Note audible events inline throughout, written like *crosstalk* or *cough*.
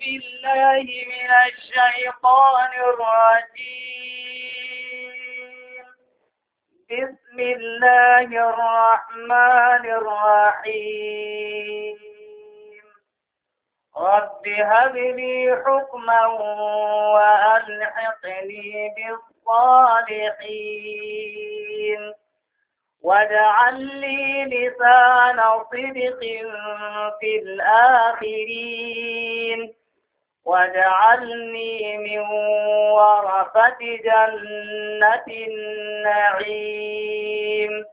بالله من الشيطان الرجيم بسم الله الرحمن الرحيم رب هب لي حكما وألحقني بالصالحين واجعل لي لسان صدق في الآخرين واجعلني من ورثة جنة النعيم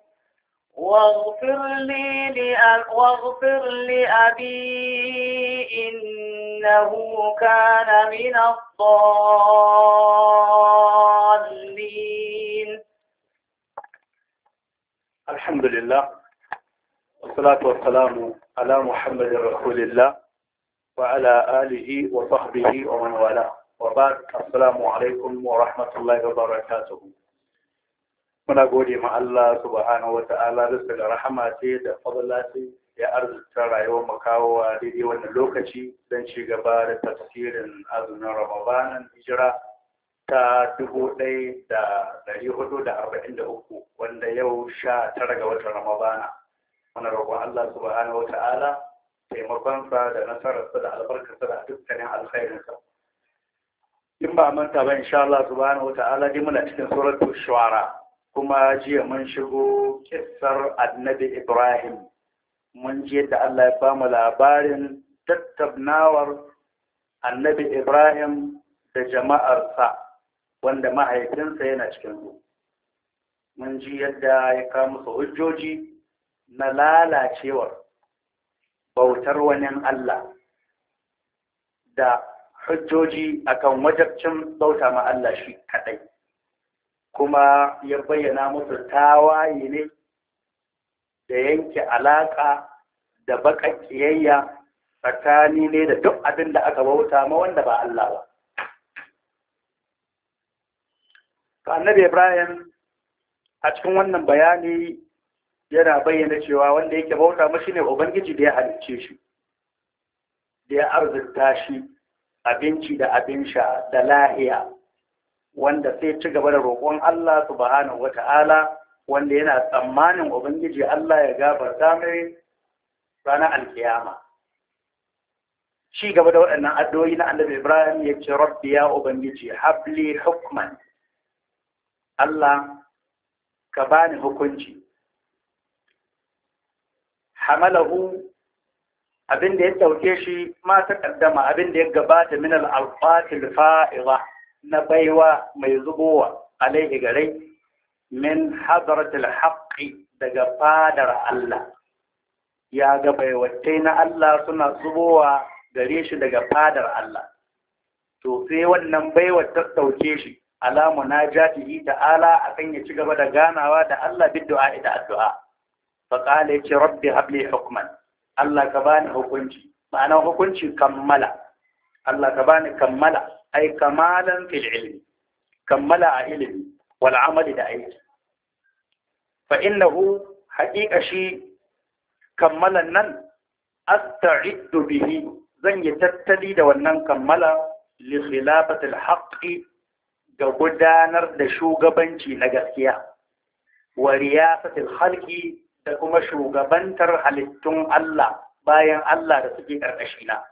واغفر لي واغفر لأبي إنه كان من الضالين الحمد لله والصلاة والسلام على محمد رسول الله وعلى آله وصحبه ومن والاه وبعد السلام عليكم ورحمة الله وبركاته muna gode ma Allah subhanahu wa ta'ala da daga rahama ce da fadla ce ya arzuta rayuwar makawowa daidai wannan lokaci don ci gaba da tafsirin azumin Ramadanan hijira ta 1443 wanda yau sha tara ga watan Ramadana muna roƙon Allah subhanahu wa ta'ala taimakonsa da nasararsa da albarkarsa da dukkanin alkhairinsa in ba manta ba insha Allah subhanahu wata'ala dai muna cikin suratul shuara kuma jiya mun shigo kissar annabi Ibrahim mun ji yadda Allah ya ba labarin tattabnawar annabi Ibrahim da jama'arsa wanda mahaifinsa yana cikin su mun ji yadda ya kawo musu hujjoji na lalacewar bautar wani Allah da hujjoji akan wajabcin bauta ma Allah shi kadai kuma ya bayyana musu tawaye ne da yanke alaka da baka kiyayya tsakani ne da duk abin da aka bauta ma wanda ba Allah ba annabi Ibrahim a cikin wannan bayani yana bayyana cewa wanda yake bauta mashi ne ubangiji da ya halicce shi da ya arzikta shi abinci da abin sha da lahiya wanda sai ci gaba da roƙon Allah subhanahu wata'ala wanda yana tsammanin ubangiji Allah ya gafarta mai ranar alkiyama ci gaba da waɗannan addu'o'i na Annabi Ibrahim ya ce rabbi ya ubangiji habli hukman Allah ka bani hukunci hamalahu abin da ya dauke shi ma ta kaddama abin da ya gabata min al-alfatil fa'iza na baiwa mai zubowa alaihi gare min hadratil haqqi daga fadar Allah ya ga baiwatai na Allah suna zubowa gare shi daga fadar Allah to sai wannan baiwar ta dauke shi alamu na ta'ala akan ya ci gaba da ganawa da Allah bid du'a da addu'a faƙala ya ce rabbi habli hukman Allah ka bani hukunci ma'ana hukunci kammala Allah ka bani kammala ai kamalan fil ilmi kammala a ilimi wal amali da aiki fa innahu haƙiƙa shi kammalan nan asta'iddu bihi zan yi tattali da wannan kammala li khilafatil haqqi ga gudanar da shugabanci na gaskiya wa riyasatil khalqi da kuma shugabantar halittun Allah bayan Allah da suke ƙarƙashina.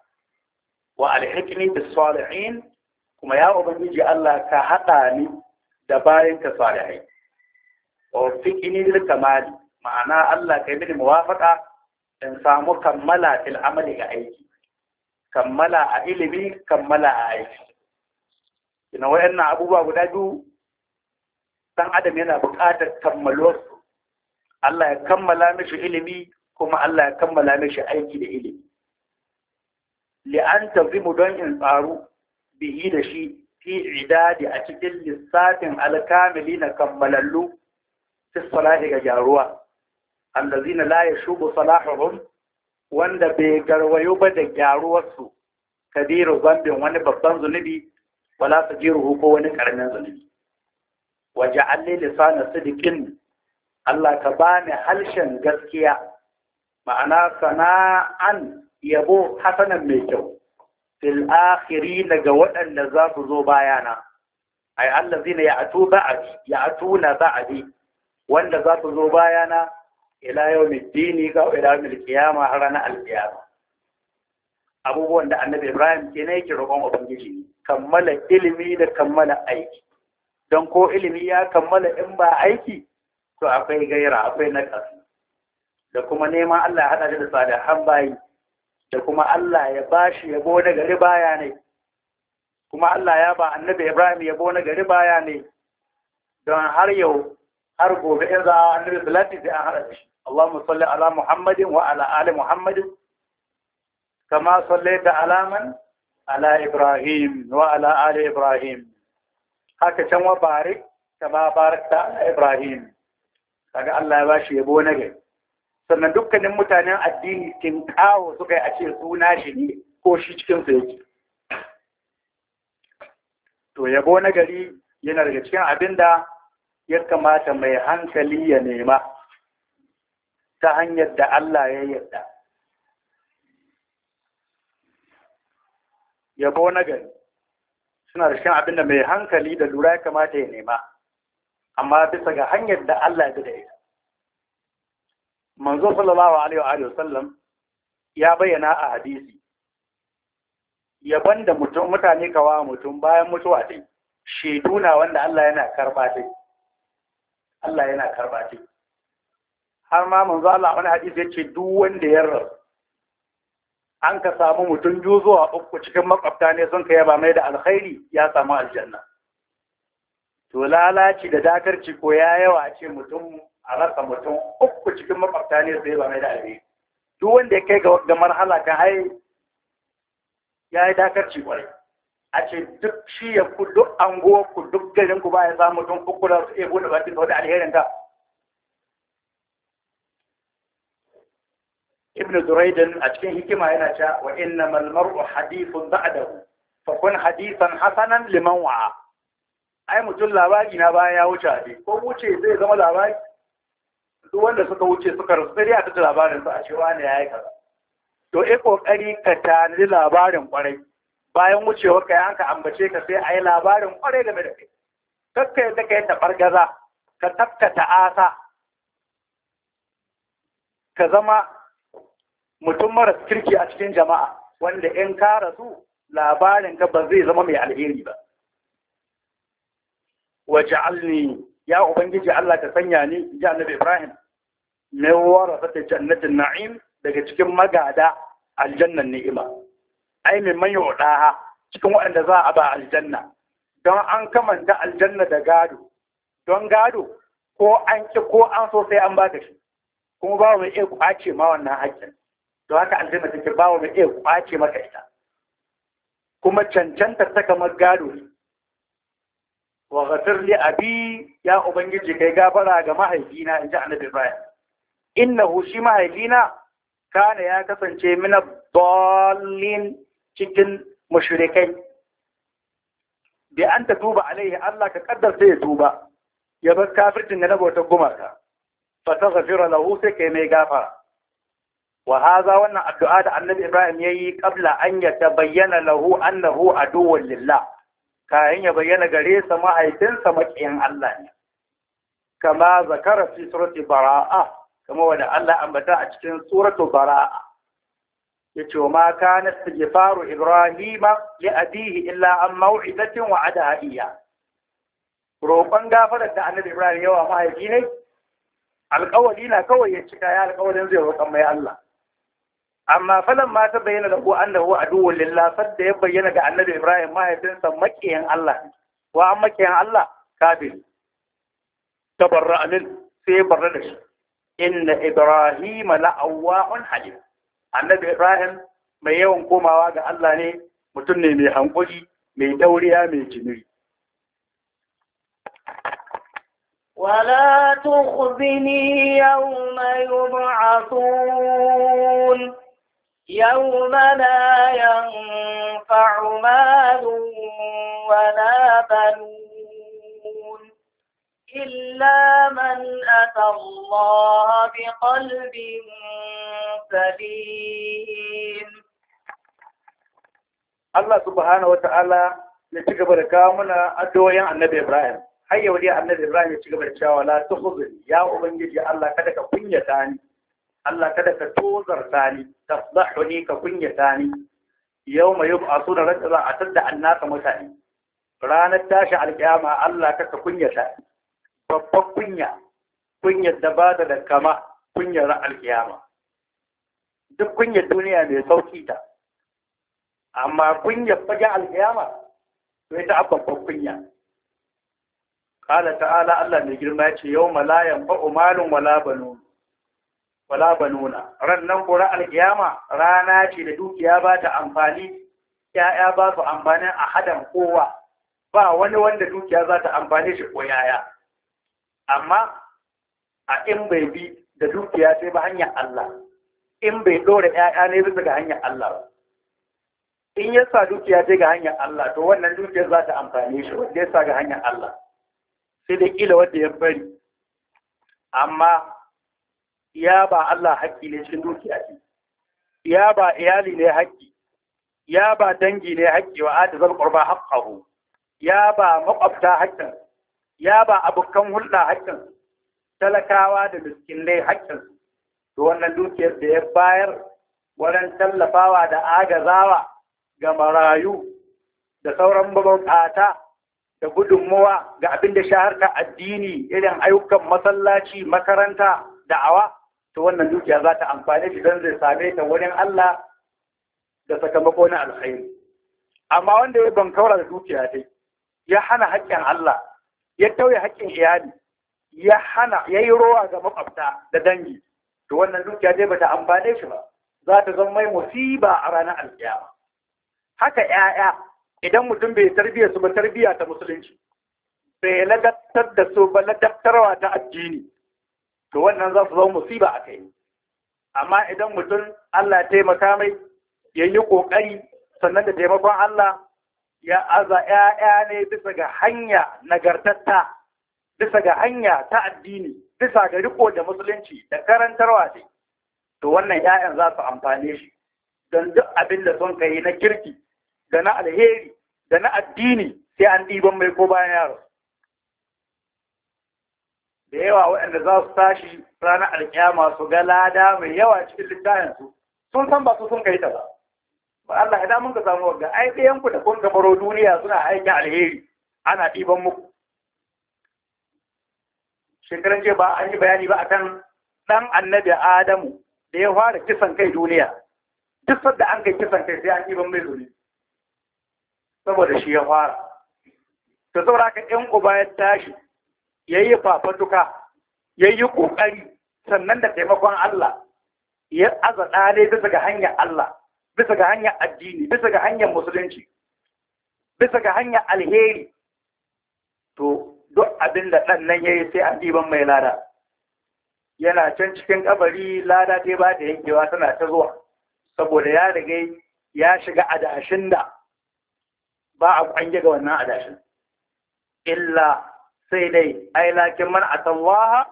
Wa alhikini da salihin kuma ya Ubangiji Allah ka haɗa ni da bayan ka salihai. Wa fiqini da kamali ma'ana Allah ka yi mini muwafaqa in samu kammala fil amali ga aiki. Kammala a ilimi, kammala a aiki. Ina wayannan abubuwa guda biyu ɗan adam yana buƙatar su Allah ya kammala mishi ilimi kuma Allah ya kammala mishi aiki da ilimi Li'anta zimu don in tsaru bihi da shi fi idadi a cikin lissafin alkamili na kammalallu fi salahi ga gyaruwa allazina la yashubu salahuhum wanda bai garwayo ba da gyaruwarsu kabiru zambin wani babban zunubi wala su ko wani karamin zunubi waje alli lisana sidikin Allah ka bani harshen gaskiya ma'ana sana'an yabo hasanan mai kyau fil akhiri daga waɗanda za su zo bayana ai allazina ya'tu ba'di ya'tuna ba'di wanda za su zo bayana ila yawmiddini ga ila yawmil qiyama har ranar alqiyama abubuwan da annabi Ibrahim ke ne yake roƙon ubangiji kammala ilimi da kammala aiki don ko ilimi ya kammala in ba aiki to akwai gaira akwai nakas. da kuma neman Allah ya hada da salihan bayi da kuma Allah ya bashi yabo na gari baya ne kuma Allah ya ba annabi Ibrahim yabo na gari baya ne don har yau har gobe in za a annabi Salatu sai an hada da shi Allahumma salli ala Muhammadin wa ala ali Muhammadin kama sallaita ala man ala Ibrahim wa ala ali Ibrahim haka can wa barik kama barakta Ibrahim kaga Allah ya bashi yabo na gari sannan dukkanin mutanen addini kin kawo suka yi a ce suna shi ne ko shi cikin su yake to yabo na gari yana daga cikin abin da ya kamata mai hankali ya nema ta hanyar da Allah ya yarda yabo na gari suna da cikin abin da mai hankali da lura ya kamata ya nema amma bisa ga hanyar da Allah ya da manzo sallallahu alaihi wa sallam ya bayyana a hadisi yaban da mutum mutane kawa mutum bayan mutuwa dai shedu na wanda Allah yana karba dai. Allah yana karba dai. har ma manzo Allah wani hadisi yace duk wanda ya rasu an ka samu mutum juzuwa zuwa uku cikin makwabta ne sun ka yaba mai da alkhairi ya samu aljanna to lalaci da dakarci ko ya yawa a ce mutum a rasa mutum uku cikin makwabta ne sai ba mai da abin duk wanda ya kai ga marhala ka hai ya yi dakarci kwarai a ce duk shi ya ku duk anguwa ku duk garin ku ba ya samu mutum uku da su iya bude bakin da alherin ta ibn duraidan a cikin hikima yana cewa wa inna malmaru hadithun ba'dahu fa kun hadithan hasanan liman wa'a ai mutum labari na bayan ya wuce a ko wuce zai zama labari duk wanda suka wuce suka rasu sai a tattara labarin sa a ce wani ya yi kaza to eh kokari ka tanadi labarin kwarai bayan wucewar ka yanka ambace ka sai ai labarin kwarai game da kai kakka yadda kai tabar gaza ka takkata asa ka zama mutum maras kirki a cikin jama'a wanda in ka rasu labarin ka ba zai zama mai alheri ba waj'alni ya ubangiji Allah ka sanya ni ji annabi Ibrahim ne warasata jannatin na'im daga cikin magada aljannan ni'ima ai min man yoda cikin waɗanda za a ba aljanna don an kamanta aljanna da gado don gado ko an ki ko an so sai an baka shi kuma ba mai iya kwace ma wannan haƙƙin don haka aljanna take ba mai iya kwace maka ita kuma cancanta ta kamar gado ne wa ghafir li abi ya ubangiji kai gafara ga mahaifina in ji annabi Ibrahim innahu shi mahaifina kana ya kasance mina dallin cikin mushrikai bi an ta tuba alaihi Allah ka kaddarta ya tuba ya bar kafircin da na bauta gumaka fa ta ghafira lahu sai kai mai gafara wa wannan addu'a da annabi Ibrahim yayi kabla an ya tabayyana lahu annahu aduwwun lillah kayan ya bayyana gare sa mahaifinsa maƙiyin Allah ne kama zakara fi surati bara'a kama wanda Allah ambata a cikin suratu bara'a ce wa ma na istighfaru ibrahima li abihi illa an wa wa'ada iya roƙon gafarar da annabi ibrahim yawa mahaifi ne alƙawari na kawai ya cika ya alƙawarin zai roƙon mai Allah amma falan ma ta bayyana da ko annahu aduwwul lillah da ya bayyana ga annabi Ibrahim mahaifinsa makiyan Allah wa an makiyan Allah kafir tabarra min sai barra da shi inna Ibrahim la'awwahun halim annabi Ibrahim mai yawan komawa ga Allah ne mutum ne mai hankuri mai dauriya mai jinuri ولا تخزني يوم يبعثون يوم لا ينفع مال ولا بنون إلا من أتى الله بقلب سليم الله سبحانه وتعالى لتجب الكامل أدوية النبي إبراهيم هيا ولي النبي إبراهيم لتجب الكامل لا تخذني يا أبنجي الله كدك فنية تاني Allah kada ka tozarta ni tasbahuni ka kunyata ni Yau yub'asu da ranta za a tadda annaka mutane ranar tashi alƙiyama Allah kunya ta. babban kunya kunyar da ba da kama kunyar alƙiyama duk kunyar duniya mai sauki ta amma kunyar fagen alƙiyama to ita babban kunya Kala ta'ala Allah mai girma ce yau malayan fa umalun wala banun wala banuna rannan kura alkiyama rana ce da dukiya ba ta amfani ya'ya ba su amfani a hadan kowa ba wani wanda dukiya za ta amfane shi ko yaya amma a in bai bi da dukiya sai ba hanyar Allah in bai dora ya'ya ne bisa ga hanyar Allah ba in ya sa dukiya ta ga hanyar Allah to wannan dukiya za ta amfane shi wanda ya sa ga hanyar Allah sai da kila wanda ya bari amma ya ba Allah haƙƙi ne cikin dukiya ce ya ba iyali ne haƙƙi ya ba dangi ne haƙƙi wa adizal qurba haƙƙahu. ya ba maƙwabta haƙƙin ya ba abokan hulɗa haƙƙin talakawa da miskinai haƙƙin to wannan dukiyar da ya bayar wurin tallafawa da agazawa ga marayu da sauran mabuƙata da gudunmuwa ga abin da shaharta addini irin ayyukan masallaci makaranta da'awa to wannan dukiya za ta amfane shi don zai same ta wurin Allah da sakamako na alkhairi amma wanda ya bankaura da dukiya dai ya hana haƙƙin Allah ya tauye haƙƙin iyali ya hana ya yi rowa ga makwabta da dangi to wannan dukiya dai bata amfane shi ba za ta zama mai musiba a ranar alkiyama haka 'ya'ya idan mutum bai tarbiyyar su ba tarbiyya ta musulunci bai ladabtar da su ba ladabtarwa ta addini to wannan za su zama musiba a kai amma idan mutum Allah ya taimaka mai ya yi ƙoƙari sannan da taimakon Allah ya aza ‘ya'ya ne bisa ga hanya nagartatta bisa ga hanya ta addini bisa ga riko da musulunci da karantarwa ne to wannan ‘ya'yan za su amfane shi don duk abin da son kai na kirki da na alheri da na addini sai an ɗiban mai ko bayan yaro da yawa waɗanda za su tashi ranar alƙiyama su ga lada mai yawa cikin littafin littafinsu sun san ba su sun kai ta ba ba Allah idan mun ka samu wagga ai ɗayan ku da kun gabaro duniya suna aikin alheri ana ɗiban muku shekaran ce ba an yi bayani ba akan ɗan annabi Adamu da ya fara kisan kai duniya duk sadda an kai kisan kai sai an ɗiban mai zuri saboda shi ya fara ta saboda haka ɗan uba ya tashi ya yi fafatuka ya yi ƙoƙari sannan da taimakon Allah ya aza ɗale bisa ga hanyar Allah bisa ga hanyar addini bisa ga hanyar musulunci bisa ga hanyar alheri to duk abin da ɗan nan ya yi sai an ɗiban mai lada yana can cikin kabari lada ta ba da yankewa tana ta zuwa saboda ya riga ya shiga adashin da ba a ƙwanye ga wannan adashin illa sai dai ai lakin man atallaha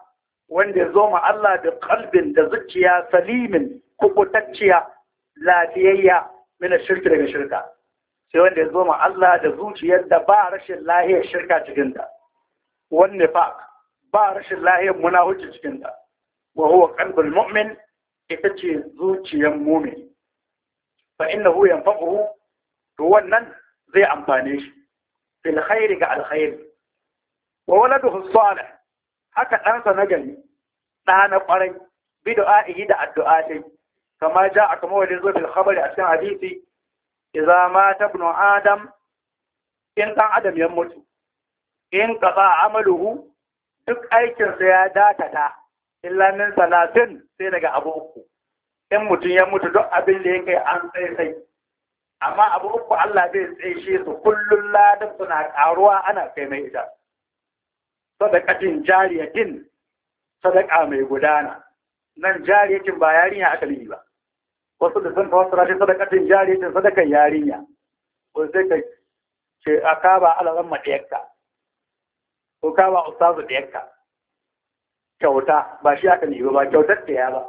wanda ya zo ma Allah da kalbin da zuciya salimin kubutacciya lafiyayya mina shirka daga shirka sai wanda ya zo ma Allah da zuciyar da ba rashin lahiyar shirka cikin ta wanne fa ba rashin lahiyar muna cikin ta wa huwa qalbul mu'min ita ce zuciyar mu'min fa innahu yanfa'uhu to wannan zai amfane shi fil khairi ga alkhairi wa duhu salih haka ɗansa na gari ɗa na ƙwarai bid'a'ihi da addu'a dai kama ja a kama wajen zobin khabari a cikin hadisi idza ta bin adam in ɗan adam ya mutu in ba amaluhu duk aikinsa ya dakata illa min salatin sai daga abu uku in mutum ya mutu duk abin da ya kai an tsaye sai amma abu uku Allah zai tsaye shi su kullum ladan suna karuwa ana kai mai ita sadaqatin jariyatin sadaqa mai gudana nan jariyatin ba yarinya aka yi ba wasu da san tawassara shi sadaqatin jariyatin sadakan yarinya ko sai ka ce akaba alaran madiyarka ko kaba ustazu diyarka kyauta ba shi aka yi ba kyautar ta ya ba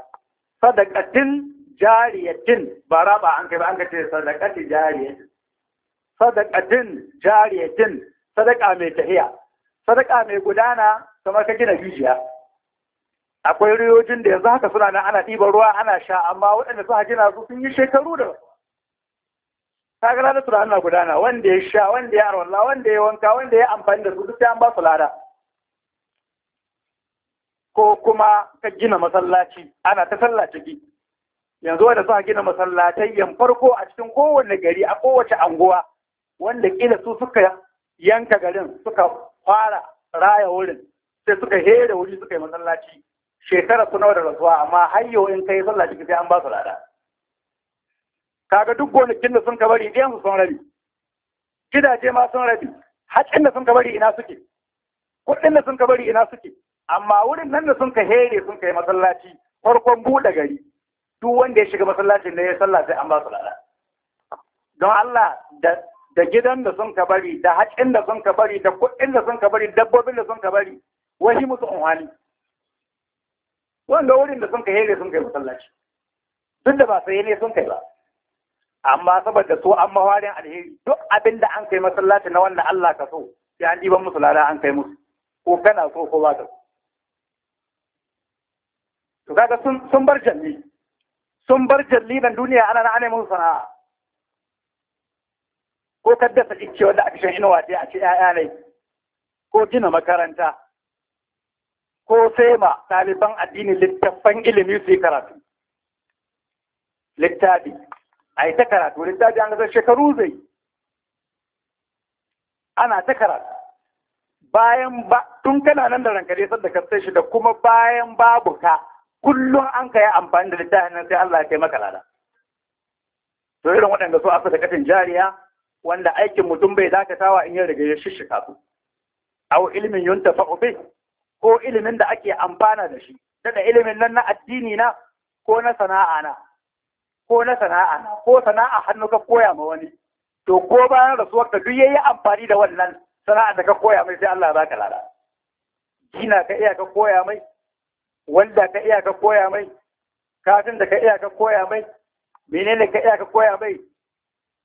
sadaqatin jariyatin ba raba an kai ba an ka ce sadaqatin jariyatin sadaqatin jariyatin sadaqa mai tahiya sadaka mai gudana kamar ka gina rijiya akwai riyojin da yanzu haka suna nan ana ɗiban ruwa ana sha amma waɗanda suka gina su sun yi shekaru da ga lada suna ana gudana wanda ya sha wanda ya arwalla wanda ya wanka wanda ya amfani da su duk an ba su lada ko kuma ka gina masallaci ana ta sallah ciki yanzu wanda suka gina masallatai yan farko a cikin kowanne gari a kowace anguwa wanda kila su suka yanka garin suka fara raya wurin sai suka hera wuri suka yi masallaci shekara su nawa da rasuwa amma har yau in kai sallah ciki sai an ba su lada kaga duk gonakin da sun kabari ɗiyan su sun rabi gidaje ma sun rabi haƙin da sun kabari ina suke kuɗin da sun kabari ina suke amma wurin nan da sun ka here sun kai masallaci farkon buɗe gari duk wanda ya shiga masallacin da ya sallah sai an ba su lada don Allah da da gidan da sun ka bari da haƙin da sun ka bari da kuɗin da sun ka bari dabbobin da sun ka bari wani musu unhani wanda wurin da sun ka hele sun kai masallaci duk da ba sai ne sun kai ba amma saboda su an mawarin alheri duk abin da an kai masallaci na wanda Allah ka so ya an ɗiban musu lada an kai musu ko kana so ko ba ka to kaga sun bar jalli sun bar jalli nan duniya ana na ana musu sana'a ko ka dafa icce wanda aka shan inuwa dai a ce ‘ya'ya ne ko gina makaranta ko sai ma ɗaliban addini littattafan ilimi su yi karatu littafi a yi ta karatu littafi an gasar shekaru zai ana ta karatu bayan ba tun kana nan da ranka dai sadda ka sai shi da kuma bayan babu ka kullum an ka yi amfani da littafin nan sai Allah ya kai maka lada to irin waɗanda su aka da katin jariya wanda aikin mutum bai dakatawa in ya riga ya shishika su aw ilmin yuntafa'u bih ko ilimin da ake amfana da shi daga ilimin nan na addini na ko na sana'a na ko na sana'a na ko sana'a hannu ka koya ma wani to ko bayan rasuwar ka duk yayi amfani da wannan sana'a da ka koya mai sai Allah ya baka lada gina ka iya ka koya mai wanda ka iya ka koya mai kafin da ka iya ka koya mai menene ka iya ka koya mai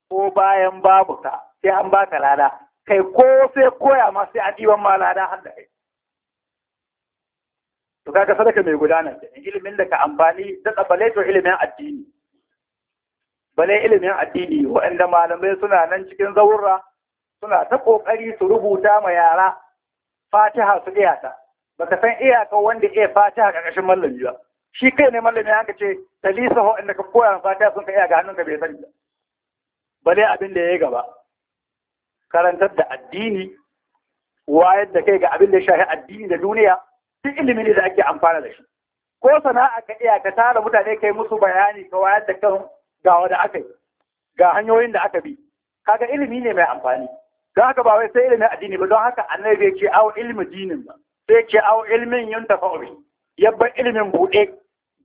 ko bayan babu ka sai an baka lada kai ko sai koya ma sai an ɗiban ma lada har da kai to kaga sadaka mai gudanar da ilimin da ka amfani da tsabale to ilimin addini bale ilimin addini waɗanda malamai suna nan cikin zaurra suna ta ƙoƙari su rubuta ma yara fatiha su Ba baka san iyaka wanda iya fatiha ƙarƙashin mallami ba shi kai ne mallami haka ce dalisa waɗanda ka koya fatiha sun ka ga hannun ka bai sani ba ba dai abin da ya yi gaba karantar da addini wayar da kai ga abin da ya shafi addini da duniya duk ilimi ne da ake amfana da shi ko sana'a ka iya ka tara mutane kai musu bayani ka wayar da kan ga wanda aka ga hanyoyin da aka bi kaga ilimi ne mai amfani don haka ba wai sai ilimin addini ba don haka annabi ya ce awo ilimin dinin ba sai ce awo ilimin yun tafawi yabba ilimin buɗe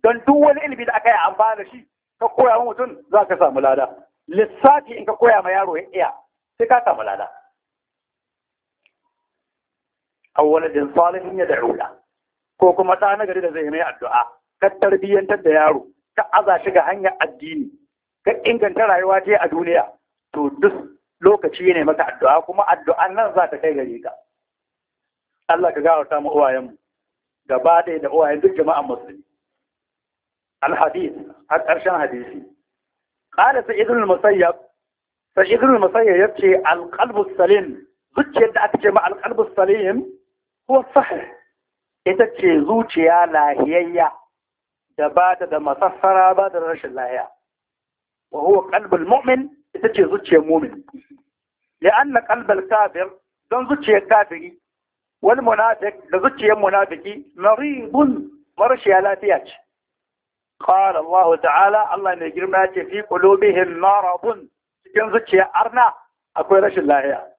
don duk wani ilimi da aka yi amfana da shi ka koya mutum za ka samu lada lissafi in ka koya ma yaro ya iya sai ka samu lada aw waladin salihin ya rula, ko kuma ta na gari da zai mai addu'a ka tarbiyyantar da yaro ka aza shi ga hanyar addini ka inganta rayuwa ce a duniya to duk lokaci ne maka addu'a kuma addu'an nan za ta kai gare ka Allah ka gawar mu uwayenmu gaba ɗaya da uwayen duk jama'an musulmi al hadis har ƙarshen hadisi قال sai المسيب سعيد المسيب يبكي القلب السليم zuciyar da aka ce ma alƙalbus salim huwa sahih ita ce zuciya lahiyayya da ba da da masassara ba da rashin lahiya wa huwa qalbul mu'min ita ce zuciyar mu'min li'anna qalbal kafir don zuciyar kafiri wani munafiq da zuciyar munafiki maridun marashiya lafiya ce قال الله تعالى الله نجرمات في قلوبهم مرض كن زك يا ارنا أقول رش الله يا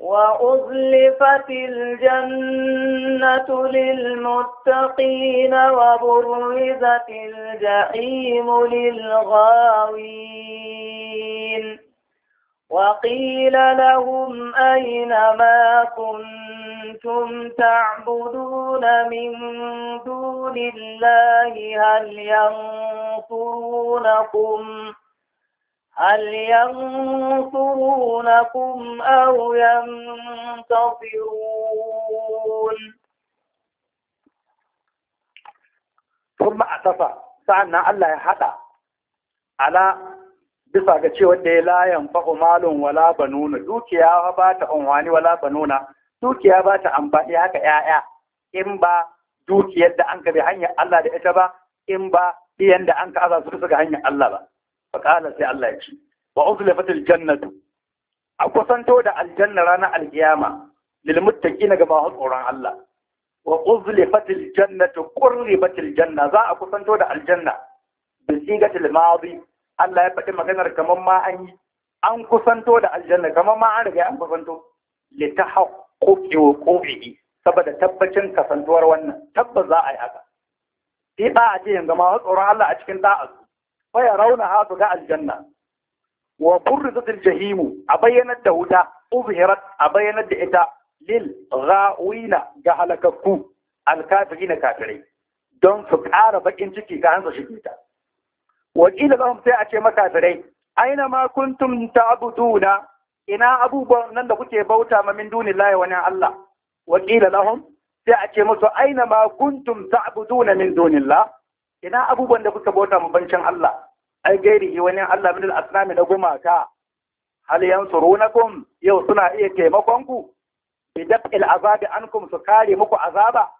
وأزلفت الجنة للمتقين وبرزت الجحيم للغاوين وقيل لهم أين ما كنتم كنتم تعبدون من دون الله هل ينصرونكم هل ينصرونكم أو ينتصرون ثم اعتصى سعنا الله يحدى على بصاقة شيء لا ينفق مال ولا بنون دوكي يا هبات أمواني ولا بنون dukiya ba ta amfani haka ‘ya'ya in ba dukiyar da an ka bi hanyar Allah da ita ba in ba ɗiyan da an ka aza su ga hanyar Allah ba fa kala sai Allah ya ci wa uzlifatil jannatu a kusanto da aljanna ranar alkiyama lil muttaqina ga masu tsoron Allah wa uzlifatil jannatu qurribatil janna za a kusanto da aljanna bi sigatil madi Allah ya faɗi maganar kamar ma an yi an kusanto da aljanna kamar ma an riga an kusanto li tahaqq kokewa kofihi saboda tabbacin kasantuwar wannan tabbas za a yi haka sai ba a ce yanzu ma tsoron Allah a cikin da'a fa rauna ha ga aljanna wa burrizatil jahimu a bayyanar da wuta ubhirat a bayyanar da ita lil ghawina ga halakakku alkafirina kafirai don su ƙara bakin ciki ga hanzu shi ta wa kila lahum sai a ce makafirai aina ma kuntum ta'buduna ina abubuwan nan da kuke bauta ma min dunillahi wani Allah wa qila lahum sai a ce musu aina ma kuntum ta'buduna min dunillah ina abubuwan da kuka bauta ma bancin Allah ai gairi wani Allah min al da gumaka hal yansurunakum yau suna iya taimakon ku bi daf'il azabi ankum su kare muku azaba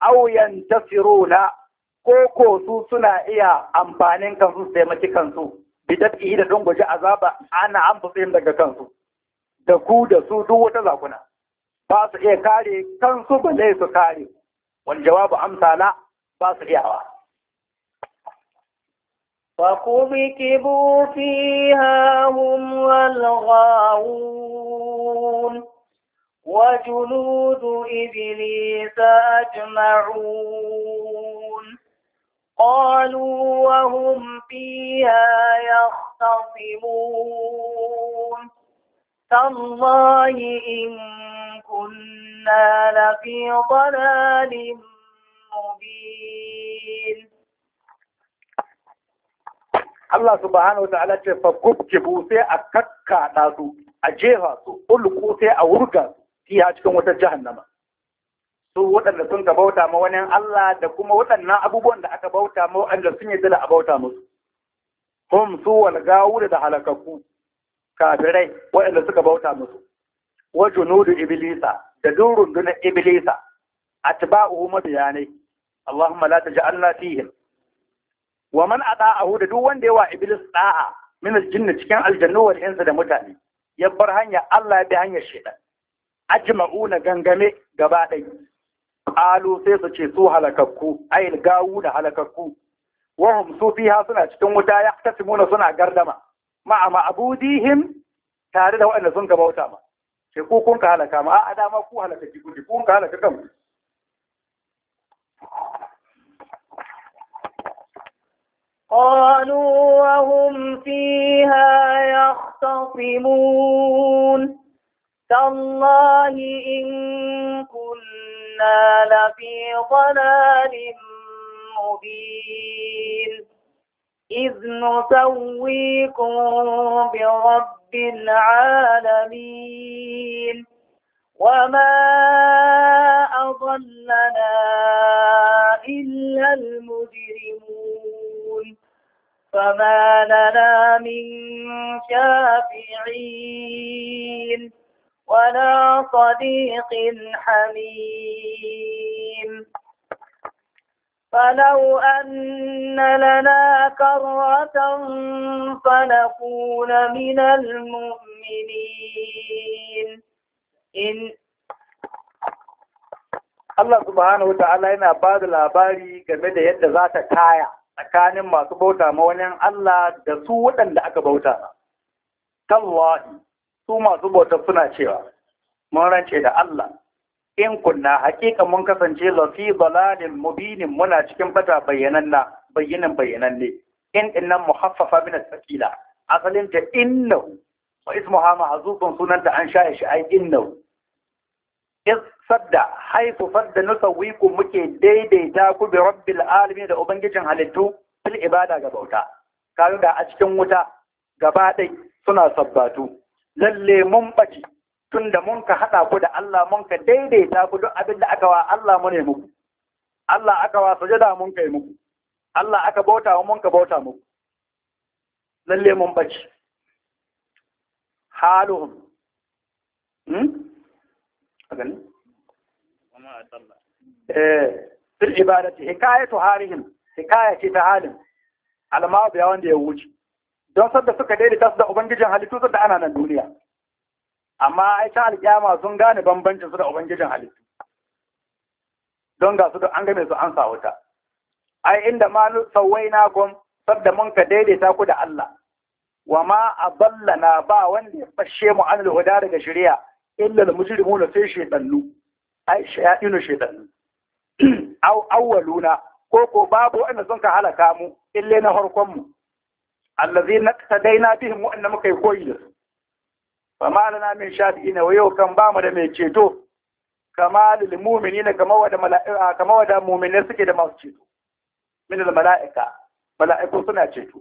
aw yantasiruna ko ko su suna iya amfanin kansu su taimaki kansu bidab'ihi da don gwaje azaba ana an fitsayin daga kansu da ku da su duk wata zakuna ba su iya kare kansu ba zai su kare wani jawabu amsa na ba su iyawa فكبكبوا فيها هم والغاوون وجنود إبليس أجمعون قالوا وهم فيها يختصمون تالله إن كنا لفي ضلال مبين الله سبحانه وتعالى فكبكبوا جبوسي أككا ناسو أجيها سو ألقوا أورقا فيها جكم وتجهنم su waɗanda sun ka bauta ma wani Allah da kuma waɗannan abubuwan da aka bauta ma waɗanda sun yi dala a bauta musu. Hum su wal da halakakku kafirai waɗanda suka bauta musu. Wa junudu iblisa da duk rundunar iblisa masu mabiyanai. Allahumma la taj'alna fihim. Wa man ata'ahu da duk wanda ya wa iblis da'a min al cikin aljannu wal insa da mutane. Ya bar hanya Allah ya bi hanyar shaitan. Ajma'una gangame gaba ɗaya. qalu sai su ce su halakakku ayil gawu da halakakku wahum su fiha suna cikin wuta yaqtasimuna suna gardama ma'a ma'budihim tare da waɗanda sun gabauta ma sai ku kun ka halaka ma a dama ku halaka ki ku kun ka halaka kan قالوا وهم فيها يختصمون تالله إن كنا إنا لفي ضلال مبين إذ نسويكم برب العالمين وما أضلنا إلا المجرمون فما لنا من شافعين ولا صديق حميم فلو أن لنا كرة فنكون من المؤمنين إن Allah subhanahu ta'ala yana ba da labari game da yadda za ta kaya tsakanin masu bauta ma wani Allah da su waɗanda aka bauta. Tallahi, su masu bauta suna cewa mun rance da Allah in kunna hakika mun kasance lafi dalalin mubinin muna cikin bata bayyananna bayyanan bayyananne in dinnan muhaffafa min as-sakila asalin ta innahu wa ismuha mahzufun sunanta an sha'i shi ai innahu is sadda haifu fadda nusawiku muke daidaita ku bi rabbil alamin da ubangijin halittu fil ibada ga bauta kaga a cikin wuta gaba dai suna sabbatu lalle mun tun da mun ka haɗa ku da Allah mun ka daidaita ku duk abin da aka wa Allah mu ne muku Allah aka wa sujada mun kai muku Allah aka bauta wa mun ka bauta muku lalle mun ɓaki. haluhum hmm agani a tsalla. eh fil ibadati hikayatu halihim hikaya ce ta halin al-madiya wanda ya wuce don sadda suka daidaita su da ubangijin halittu su da ana nan duniya amma ai ta alƙiyama sun gane bambancin su da ubangijin halittu don ga su an game su an sa wuta ai inda ma na kun sadda mun ka daidaita ku da Allah wa ma na ba wanda ya fashe mu an huda daga shari'a illa al mujrimuna sai shaytanu ai shayatinu shaytanu *clears throat* au awwaluna ko ko babu wanda sun ka halaka mu illa na harkon mu allazi na tadaina bihim wa'anda muka yi koyi da su 'da malana min shafi'ina wa yau kan bamu da mai ceto kama lil mu'minina kama wada mala'ika kama wada da suke da masu ceto min al mala'ika mala'iku suna ceto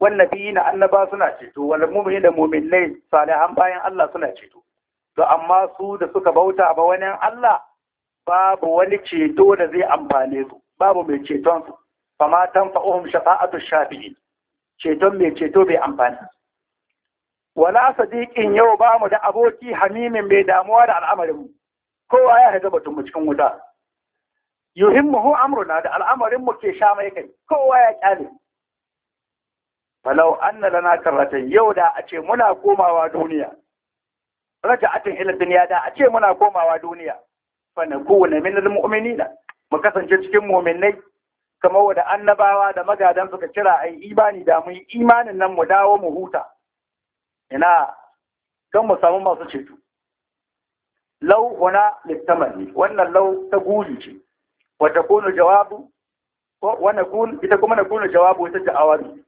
wan nabiyina annaba suna ceto wal mu'minina da mu'minai salihan bayan Allah suna ceto to amma su da suka bauta ba wani Allah babu wani ceto da zai amfane su babu mai ceton su fama tanfa'uhum shafa'atu shafi'in ceton mai ceto bai amfani wala sadiƙin yau ba mu da aboki hamimin mai damuwa da al'amarin mu kowa ya haɗa batun mu cikin wuta yuhimmuhu amruna da al'amarin ke sha mai kai kowa ya kyale falau na lana karatun yau da a ce muna komawa duniya Raja atin ila duniya da a ce muna komawa duniya fa nakuna minal mu'minina mu kasance cikin mu'minai kamar wada annabawa da magadan suka kira a imani da mu yi imanin nan mu dawo mu huta ina kan mu samu masu ceto lau wana littamanni wannan lau ta guri ce wata kunu jawabu kun ita kuma na kunu jawabu ita awari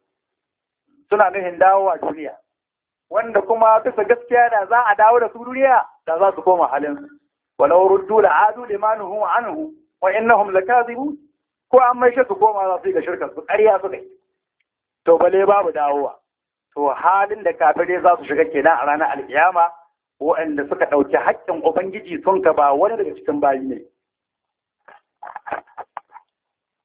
suna nuhin dawo a duniya wanda kuma bisa gaskiya da za a dawo da su duniya da za su koma halin walau ruddu la'adu limanuhu anhu wa innahum lakazibun ko an mai shirka koma za su yi ga shirka su ƙarya su ne to bale babu dawowa to halin da kafirai za su shiga kenan a ranar alkiyama waɗanda suka ɗauki haƙƙin ubangiji sun ka ba wani daga cikin bayi ne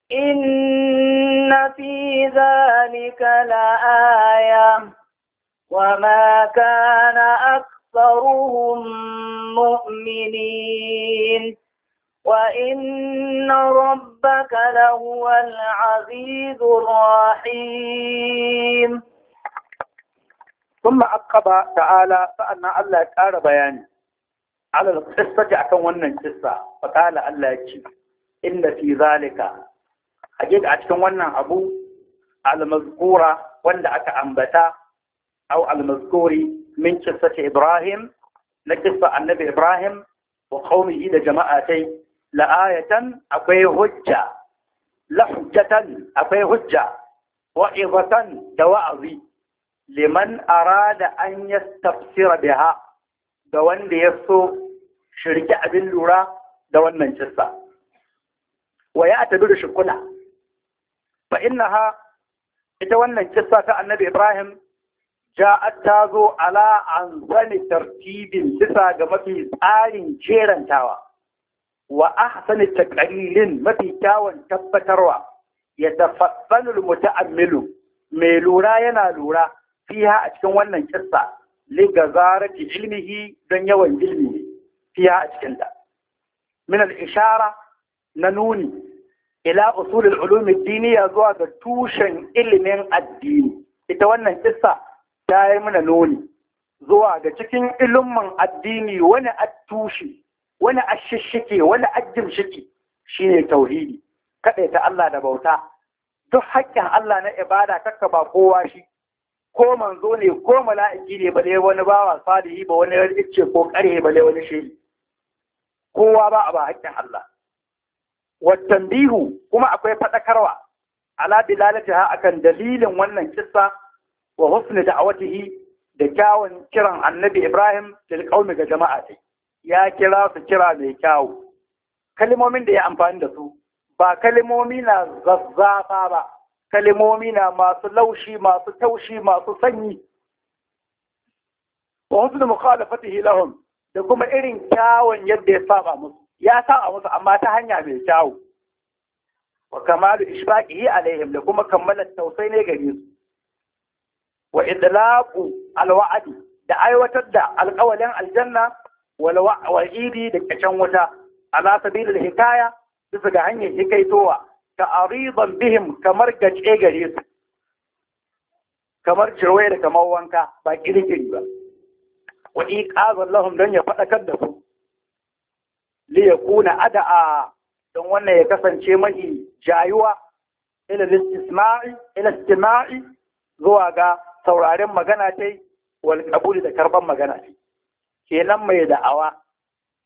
inna fi zalika la'aya wa ma kana aktharuhum mu'minin وإن ربك لهو العزيز الرحيم ثم أقب تعالى فأن الله تعالى بياني على القصة أكون ونن قصة فقال الله إن في ذلك أجد أكون ونن أبو على مذكورة ولا أتعنبتا أو على مذكوري من قصة إبراهيم لقصة النبي إبراهيم وقومه إلى جماعتين la'ayatan akwai hujja la'hujjatan akwai hujja wa'izatan da wa'azi liman arada an yastafsira biha ga wanda ya so shirki abin lura da wannan kissa wa ya tabi da shukuna fa innaha ita wannan kissa ta annabi Ibrahim ja'at ta zo ala an zani tartibin bisa ga mafi tsarin jerantawa wa ahsani taqrilin mafi kyawun tabbatarwa ya tafassalu muta'ammilu mai lura yana lura fiha a cikin wannan kissa li gazarati ilmihi don yawan ilmi fiha a cikin ta min al-ishara na nuni ila usul al-ulum ad zuwa ga tushen ilimin addini ita wannan kissa ta yi mana nuni zuwa ga cikin ilimin addini wani attushi wani ashishike wani ajimshiki shine tauhidi kaɗai ta Allah da bauta duk haƙƙin Allah na ibada kakka ba kowa shi ko manzo ne ko mala'iki ne bale wani bawa salihi ba wani rikice ko ƙarhe bale wani shehi kowa ba a ba haƙƙin Allah wattan bihu kuma akwai faɗakarwa ala ha akan dalilin wannan kissa wa husni da'awatihi da kyawun kiran annabi Ibrahim da qaumi ga jama'a sai ya kira su kira mai kyawu kalimomin da ya amfani da su ba kalimomi na zazzafa ba kalimomi na masu laushi masu taushi masu sanyi wa da mukhalafatihi lahum da kuma irin kyawun yadda ya saba musu ya saba musu amma ta hanya mai kyawu wa kamalu yi alaihim da kuma kammala tausai ne gare su wa idlaqu alwa'di da aiwatar da alƙawalin aljanna walwa'idi da kyacen wuta ala da hikaya su ga hanyar hikaitowa ka ariban bihim kamar gace gare su kamar cirwaye da kamar wanka ba kirkiri ba Waɗi iqazan lahum don ya faɗakar da su li kuna ada'a don wannan ya kasance mai jayuwa ilalistima’i zuwa ga sauraren magana tai wal da karban magana tai kenan mai da'awa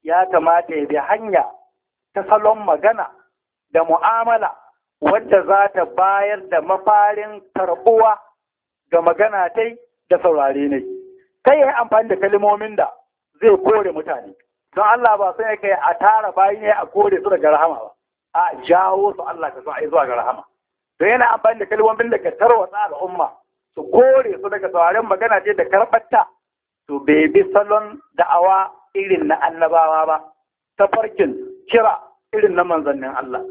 ya kamata ya bi hanya ta salon magana da mu'amala wadda za ta bayar da mafarin karɓuwa ga magana ta da saurare ne ta yi amfani da kalimomin da zai kore mutane don Allah ba sai kai a tara bayan ya a kore su daga rahama ba a jawo su Allah ka sa zuwa ga rahama don yana amfani da kalimomin da ka tarwatsa al'umma su kore su daga sauraren magana ce da ta to bai bi salon da'awa irin na annabawa ba ta farkin kira irin na manzannin Allah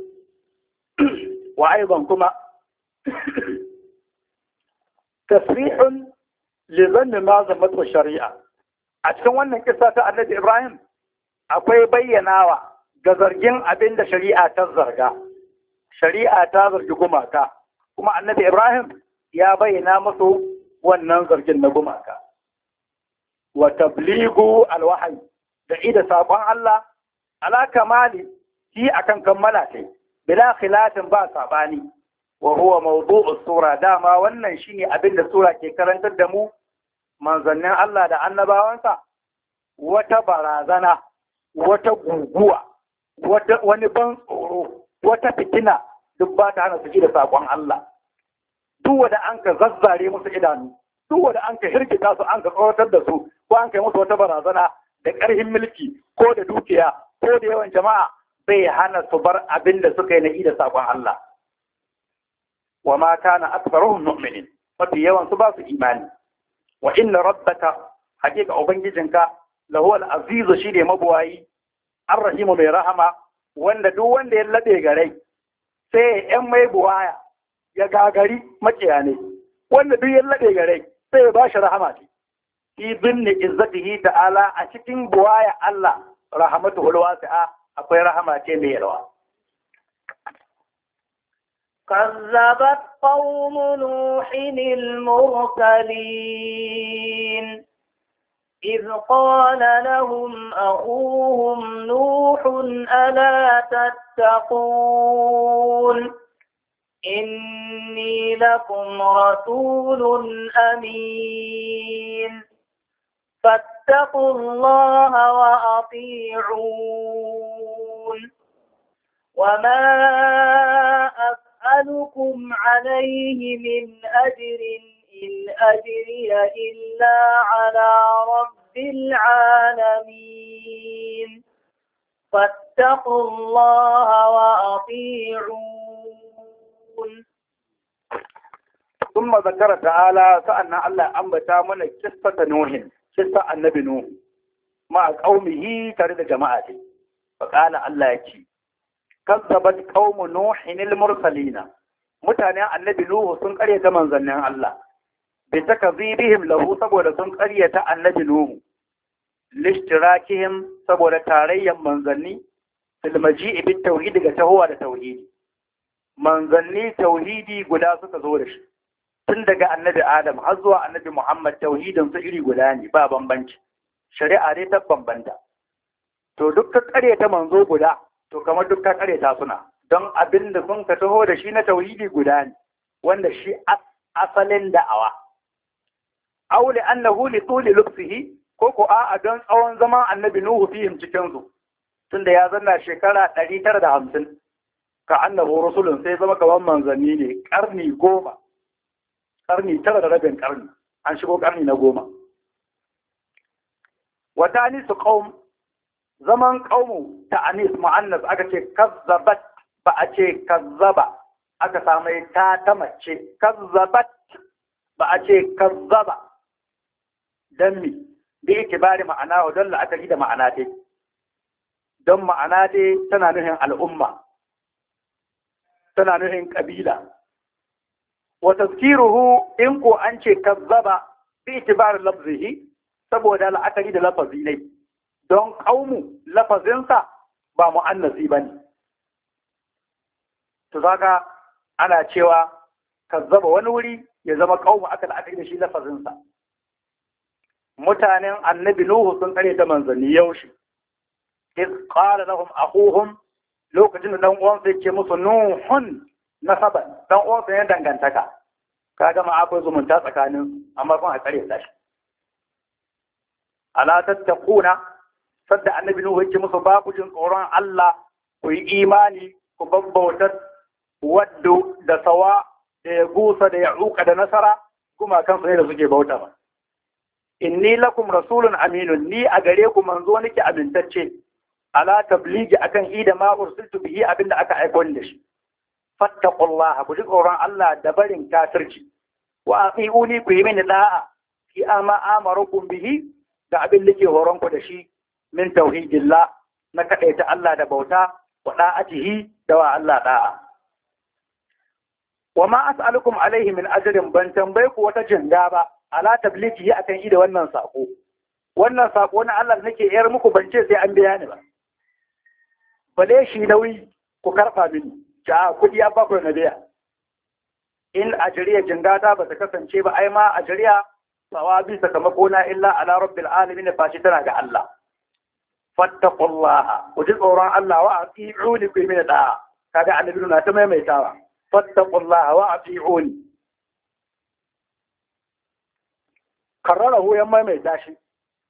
*clears throat* wa aiban kuma *clears throat* tasrihun lizanni ma zamatu shari'a a cikin wannan kisa ta annabi Ibrahim akwai bayyanawa ga zargin abin da shari'a ta zarga shari'a ta zargi gumaka kuma annabi Ibrahim ya bayyana musu wannan zargin na gumaka wa tabligu alwahayi da ida saƙon Allah ala kamali shi akan kammala ta bila khilafin ba saɓani wa huwa mawdu'u sura dama wannan shine abin da sura ke karantar da mu manzannin Allah da annabawansa wata barazana wata guguwa wani ban tsoro wata fitina duk ba ta hana su ji da sakon Allah Duwa da an ka zazzare musu idanu duk wanda an ka hirgita su an ka tsoratar da su ko an kai musu wata barazana da ƙarfin mulki ko da dukiya ko da yawan jama'a bai hana su bar abin da suka yi na ida sakon Allah wa ma kana aktharuhum mu'minin mafi yawan su ba su imani wa inna rabbaka haƙiƙa ubangijinka lahu azizu shine mabuwayi ar-rahimu mai rahama wanda duk wanda ya labe garai sai yan mai buwaya ya gagari makiya ne wanda duk ya labe garai sai ya bashi rahama ce fi binne izzatihi ta'ala a cikin buwaya Allah rahamatu wasi'a akwai rahama ce mai yalwa كذبت قوم نوح المرسلين إذ قال لهم أخوهم نوح ألا تتقون إني لكم رسول أمين فاتقوا الله وأطيعون وما أسألكم عليه من أجر إن أجري إلا على رب العالمين فاتقوا الله وأطيعون ثم ذكر تعالى سأن الله أنبتا من قصة نوح قصة النبي نوح مع قومه ترد جماعته فقال الله يكي كذبت قوم نوح المرسلين mutane annabi Nuhu sun karyata manzannin Allah bi takzibihim lahu saboda sun karyata annabi Nuhu lishtirakihim saboda tarayyan manzanni fil maji'i bit tauhid ga tahowa da tauhidi manzanni tauhidi guda suka zo da shi tun daga annabi adam har zuwa annabi muhammad tauhidin su iri guda ne ba bambanci shari'a dai ta bambanta to dukkan kare ta manzo guda to kamar dukkan kare ta suna don abin da sun ka taho da shi na tauhidi guda ne wanda shi asalin da'awa aule annahu li tuli lubsihi ko ko a don tsawon zaman annabi nuhu fihim cikin su tunda ya zanna shekara ɗari tara da hamsin ka annabu rusulun sai zama kamar manzanni ne karni goma karni tara da rabin karni an shigo karni na goma wata ni su zaman qaumu ta anis mu'annas aka ce kazzabat ba a ce kazzaba aka samu ta ta mace kazzabat ba a ce kazzaba Don mi bi itibari ma'ana wa don la'akari da ma'ana dai don ma'ana dai tana nufin al'umma tana nufin ƙabila. wa tazkiruhu in ko an ce kazzaba bi itibar lafzihi saboda la'akari da lafazi ne don ƙaumu lafazinsa ba ba ne. to zaka ana cewa kazzaba wani wuri ya zama qaumu aka la'akari da shi lafazinsa mutanen annabi nuhu sun kare da manzanni yaushe iz ƙara lahum akhuhum lokacin da ɗan uwansa yake musu nuhun nasaban dan uwansa ya dangantaka ka gama akwai zumunta tsakanin amma kun a tsare tashi ta kuna sadda annabi nuhu yake musu bakujin tsoron Allah ku yi imani ku babbautar waddu da sawa da ya gusa da ya ruka da nasara kuma kansu ne da suke bauta ba inni lakum rasulun Aminu, ni a gare ku manzo nake amintacce ala tabligi akan ida ma ursiltu bihi abinda aka aiko ni da shi fattaqullaha ku ji tsoron Allah da barin kafirci wa atiuni ku yi mini da'a fi ama amarukum bihi da abin da ke horon ku da shi min tauhidillah na kadaita Allah da bauta wa da'atihi da wa Allah da'a wa ma as'alukum alaihi min ajrin ban tambaye ku wata jinga ba ala tabligi akan ida wannan sako wannan sako na Allah nake yar muku ban ce sai an biya ni ba bale shi nauyi ku karfa mini ja kuɗi ya bako na biya in ajiriya jingata ba ta kasance ba ai ma ajiriya sawabi sakamako na illa ala rabbil alamin fashi tana ga Allah fattaqullaha ji tsoron Allah wa ati'uni ku min da kaga annabi na ta maimaitawa fattaqullaha wa ati'uni karrarahu yan maimaita shi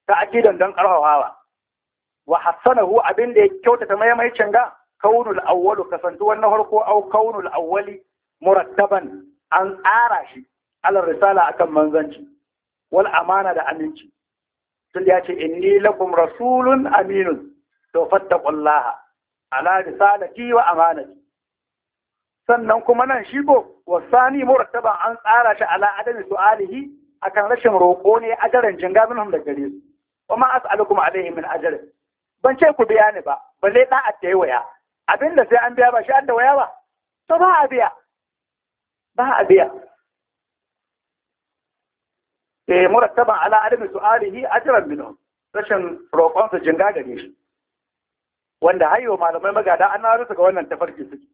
ta akidan dan karhawawa wa hassanahu abin da ya kyautata mayamaicin ga kaunul awwalu kasantuwar na farko au kaunul awwali murattaban an tsara shi alar risala akan manzanci wal amana da aminci tun ya ce inni lakum rasulun aminun to fattaqullaha ala risalati wa amanati sannan kuma nan shi ko wasani murattaban an tsara shi ala adami su'alihi akan rashin roƙo ne ajaran jinga minhum da gare su kuma ma as'alukum alaihi min ajrin ban ce ku biya ni ba ba zai da ta yi waya abin da sai an biya ba shi an da waya ba to ba a biya ba a biya eh murattaban ala adami su'alihi ajran minhum rashin roƙon su jinga gare shi wanda hayo malamai magada an naru ga wannan tafarki suke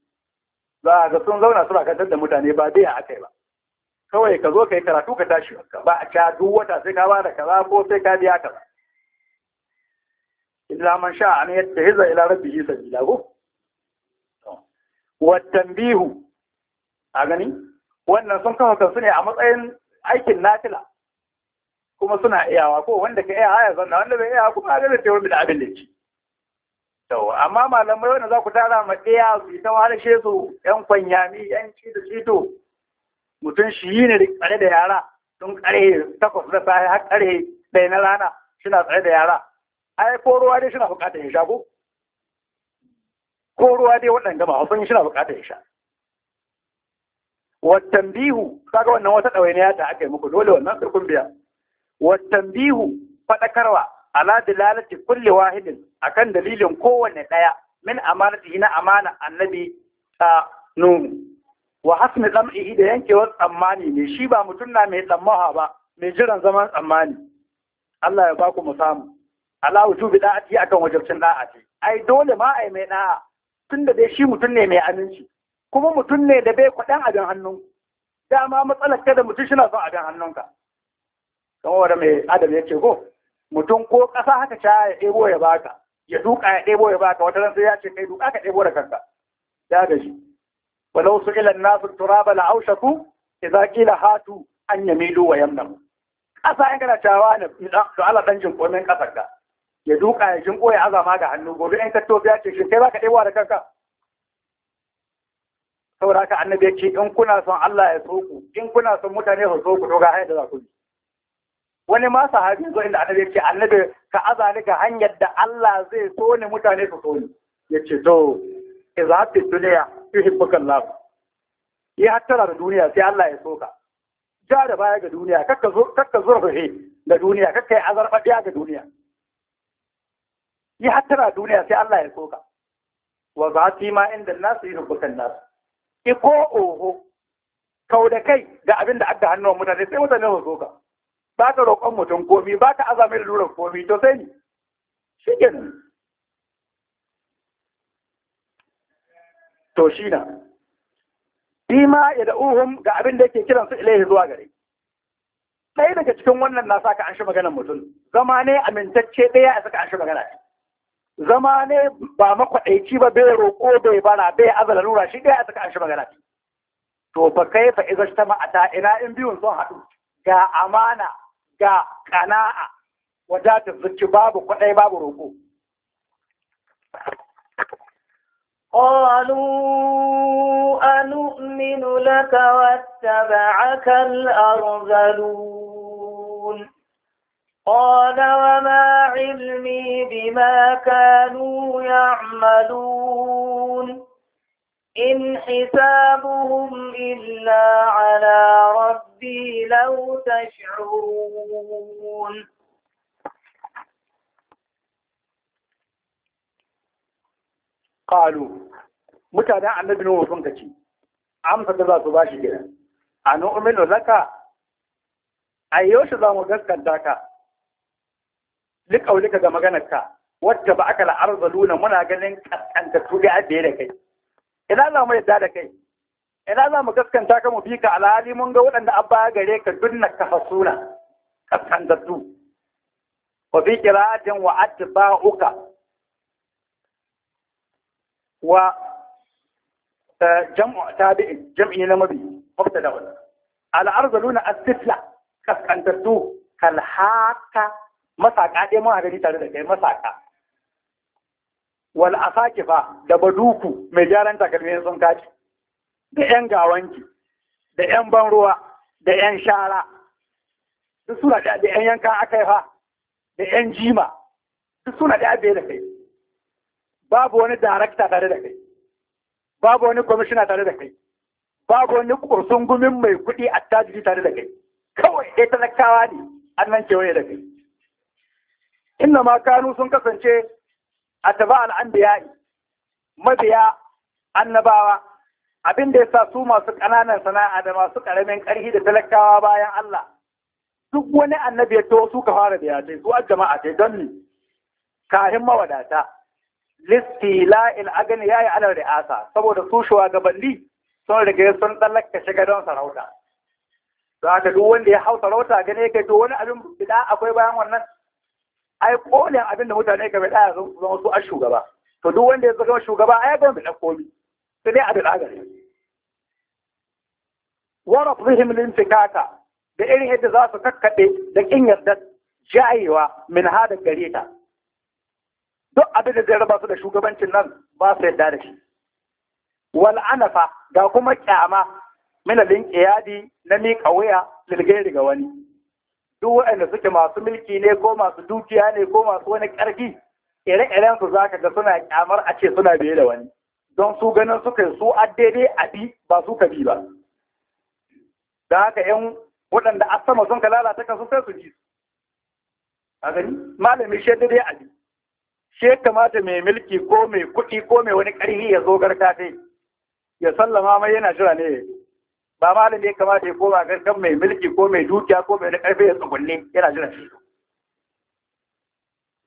za ga sun zauna suna kantar da mutane ba biya kai ba kawai ka zo ka yi karatu ka tashi ba a ca wata sai ka ba da kaza ko sai ka biya kaza illa man sha an yattahiza ila rabbihi sabila ko watanbihu a gani wannan sun kafa kansu ne a matsayin aikin nafila kuma suna iyawa ko wanda ka iya haya zanna wanda bai iya kuma ga da tawar bil abin da ci to amma malamai wanda za ku tara ma ɗaya su yi ta wahalshe su yan kwanyami yan ci da cito mutum shi yi ne tsare da yara tun ƙarhe takwas da safe har ƙarhe ɗaya na rana suna tsare da yara ai ko ruwa dai suna bukatar ya sha ko ko ruwa dai waɗanda ba hausan suna bukatar ya sha wattan bihu kaga wannan wata ya ta aka yi muku dole wannan su kun biya wattan bihu faɗakarwa ala dalalati kulli wahidin akan dalilin kowanne ɗaya min amanati na amana annabi ta nuhu wa hasmi zam'ihi da yankewar tsammani ne shi ba mutum na mai tsammaha ba mai jiran zaman tsammani Allah ya baku mu samu ala wujubi da'ati akan wajibcin da'ati ai dole ma ai mai da'a tunda dai shi mutum ne mai aminci kuma mutum ne da bai kwaɗan abin hannun dama matsalar ka da mutum na son abin hannunka kan wanda mai adam ya ce ko mutum ko ƙasa haka ca ya ɗebo ya baka ya duka ya ɗebo ya baka wata ran sai ya ce kai duka ka ɗebo da kanka ya gaji walau su ilan nasu turaba la aushaku idza qila hatu an yamilu wa yamnamu ƙasa in kana cewa ne to Allah dan jin komai ƙasar ka ya duka ya jinko ya azama da hannu gobe ɗan ka biya ce shi kai ka ɗewa da kanka saboda ka annabi ce in kuna son Allah ya so ku in kuna son mutane su so ku to ga hanyar da za ku bi wani ma sahabi zo inda annabi ce annabi ka aza ka ga hanyar da Allah zai so ne mutane su so ni ya ce to idza fi dunya yuhibbuka Allah ya hattara da duniya sai Allah ya so ka ja da baya ga duniya kakka zo kakka zurfe da duniya kakka yi azarfa ga duniya yi hattara duniya sai Allah ya soka wa su yi ma inda nasu yi hubbukan nasu iko oho kau da kai ga abin da adda hannuwan mutane sai mutane su soka ba ka roƙon mutum komi ba ka azami da lura komi to sai ni shi to shi na ma ya da uhun ga abin da yake kiran su ilaihi zuwa gare ɗaya daga cikin wannan na saka an shi maganar mutum zama ne amintacce ɗaya a saka an shi magana zama ne ba makwaɗaici ba bai roƙo bai bara bai azala lura shi ɗaya a tsaka an shi magana to ba kai fa iza ta ma'ata ina in biyun sun haɗu ga amana ga ƙana'a wadatar zuci babu kwaɗai babu roƙo قالوا أنؤمن لك واتبعك الأرذلون قال وما علمي بما كانوا يعملون إن حسابهم إلا على ربي لو تشعرون قالوا متى عن نعم ابن وفنكتي عم فتبا za su bashi kenan لك أيوش laka a yaushe liƙaulika ga maganarka wadda ba aka da luna muna ganin ƙasƙanta tuɗi a da kai ina za mu yadda da kai ina za mu gaskanta ka mu bi ka alhali mun ga waɗanda abba gare ka dunna ka fasuna ƙasƙantattu wa bi ƙira'atin wa atba'uka wa eh, jam'u tabi'in jam'i na mabi mubtada da luna as-sifla kaskantattu kal haka masaka ɗaya mun hadari tare da kai masaka wal asakifa da baduku mai gyaran takalmi sun kaci da ƴan gawanki da ƴan ban ruwa da ƴan shara duk suna da da yanka yankan akai fa da ƴan jima duk suna da abe da kai babu wani darakta tare da kai babu wani kwamishina tare da kai babu wani kursun gumin mai kuɗi a tajiri tare da kai kawai ɗaya talakawa ne an nan kewaye da kai inna ma kanu sun kasance a taba al'anbiya'i mabiya annabawa abin da ya sa su masu ƙananan sana'a da masu ƙaramin ƙarfi da talakawa bayan Allah duk wani annabi ya taho su ka fara biya yadda su a jama'a don ni kahin mawadata listi la'il agani yayi da asa, saboda su gabanni sun riga sun tsallaka shiga don sarauta za ka duk wanda ya hau sarauta gane yake to wani abin bida akwai bayan wannan ai kone abin da mutane ga faɗa sun zama su a shugaba to duk wanda ya zama shugaba ai ga mai komi sai dai abin agari wa rafihim lintikaka da irin yadda za su kakkade da kin yarda jayewa min hada gareta. duk abin da zai raba su da shugabancin nan ba su yarda da shi wal anafa ga kuma kyama min alin na miƙa wuya lilgairi ga wani duk waɗanda suke masu mulki ne ko masu dukiya ne ko masu wani ƙarfi ire-iren su zaka ga suna kyamar a ce suna biye da wani don su ganin suka su addede a bi ba su ka bi ba da haka yan waɗanda a sama sun ka lalata su sai su ji su a gani malami shi dai a bi shi kamata mai mulki ko mai kuɗi ko mai wani ƙarfi ya zo garka ya sallama mai yana jira ne ba malami ya kamata ya koma garkan mai mulki ko mai dukiya ko mai karfe ya tsugunne yana jira shi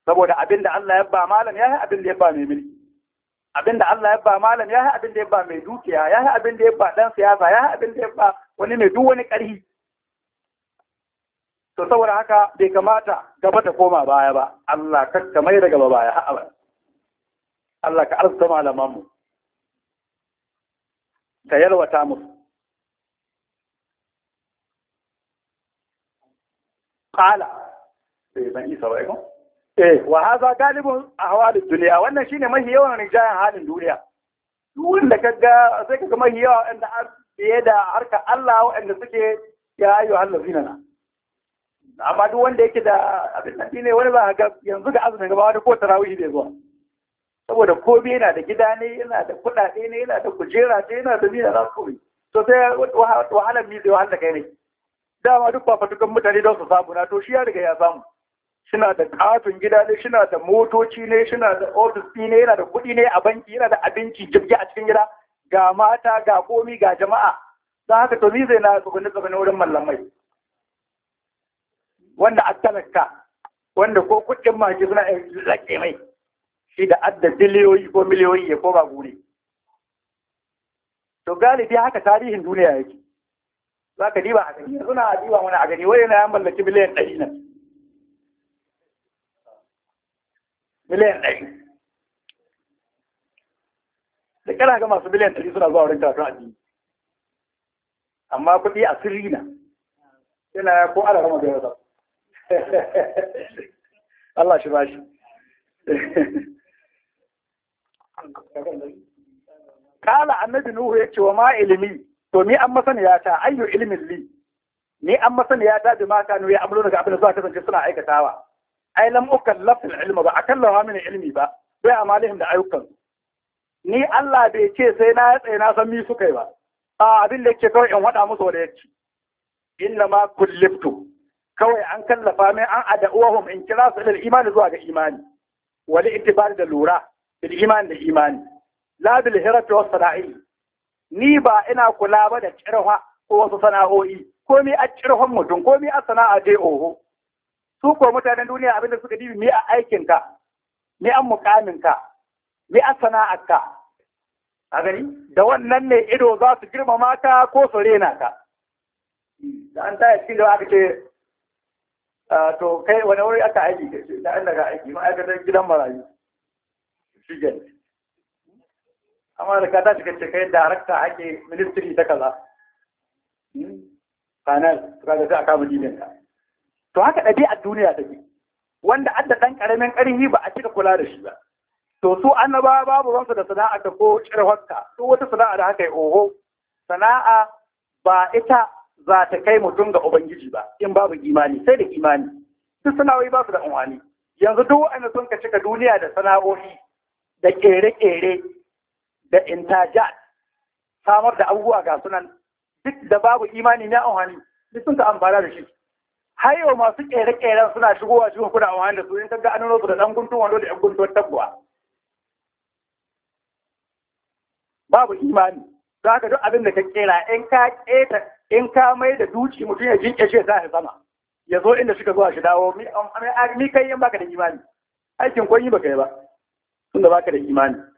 saboda abin da Allah ya ba malam ya yi abin da ya ba mai mulki abin da Allah ya ba malam ya yi abin da ya ba mai dukiya ya yi abin da ya ba dan siyasa ya yi abin da ya ba wani mai duk wani ƙarfi to saboda haka bai kamata gaba ta koma baya ba Allah ka mai da gaba baya ha'a. Allah ka arzuta malamanmu ka yalwata musu Kala. eh ban isa ba ikon? Eh, eh wa galibin a ahwal ad-dunya wannan shine mahi yawan rijayan halin duniya duk wanda kaga sai kaga mahi yawa wanda fiye da harka Allah wanda suke ya ayu allazina na amma duk wanda yake da abin nan ne wani ba ga yanzu ga azumin gaba wani ko tarawih bai zuwa saboda ko yana da gida ne yana da kuɗaɗe ne yana da kujera ne yana da mina na kuri to sai wahalar mi zai wahalar kai ne dama duk fatukan mutane don su samu na to shi ya riga ya samu suna da katon gida ne suna da motoci ne suna da ofis ɗi ne yana da kuɗi ne a banki yana da abinci jirgi a cikin gida ga mata ga komi ga jama'a don haka to ni zai na tsogani tsogani wurin mallamai wanda a talaka wanda ko kuɗin maki suna laƙe mai shi da adda biliyoyi ko miliyoyi ya koma gure to galibi haka tarihin duniya yake za ka diba a gani suna diba wani a gani wani na ya mallaki miliyan ɗari nan miliyan ɗari da kana ga masu miliyan ɗari suna zuwa wurin karatun addini amma kuɗi a sirri na yana ko ala rama da Allah shi bashi *laughs* kala annabi nuhu yace wa ma ilimi to ni an masaniya ta ayyu ilmin li ni an masaniya ta bi ma kanu ya amlo daga abin da suka kasance suna aikatawa ai lam ukallaf ilma ba akallawa min ilmi ba bai amalihim da ayyukan ni Allah bai ce sai na tsaye na san mi suka yi ba a abin da yake kawai in wada musu da yake inna ma kulliftu kawai an kallafa min an ada'uwahum in kira su ilal imani zuwa ga imani wali ittibar da lura bil imani da imani la bil hirati was sada'i ni ba ina kula ba da cirha ko wasu sana'o'i ko mi a cirhon mutum ko mi a sana'a dai oho su ko mutanen duniya abin da suka dibi mi a aikin ka mi an mukamin ka mi a sana'ar ka a gani da wannan ne ido za su girmama ka ko su rena ka da an ta yi da aka ce to kai wani wuri aka aiki da an daga aiki ma'aikatar gidan marayu shi amma da ka tashi kace kai darakta ake ministry ta kaza kanal ka ga sai aka mu dinin ka to haka a duniya take wanda adda ɗan karamin ƙarfi ba a cika kula da shi ba to su annaba babu wansu da sana'a ta ko cirwarta to wata sana'a da haka oho sana'a ba ita za ta kai mutum ga ubangiji ba in babu imani sai da imani duk sana'o'i ba su da umani yanzu duk wanda sun ka cika duniya da sana'o'i da ƙere-ƙere da intajat samar da abubuwa ga sunan duk da babu imani na ohani duk sun ka amfana da shi har yau masu kere ƙeren suna shigowa cikin kuna ohani da su in kaga an nuno su da dan guntun wando da yan guntun tabbuwa babu imani don haka duk abin da ka kera in ka keta in ka mai da duci mutum ya jinke shi za ya sama ya zo inda suka zuwa shi dawo mi kai yin baka da imani aikin kun baka yi ba tunda baka da imani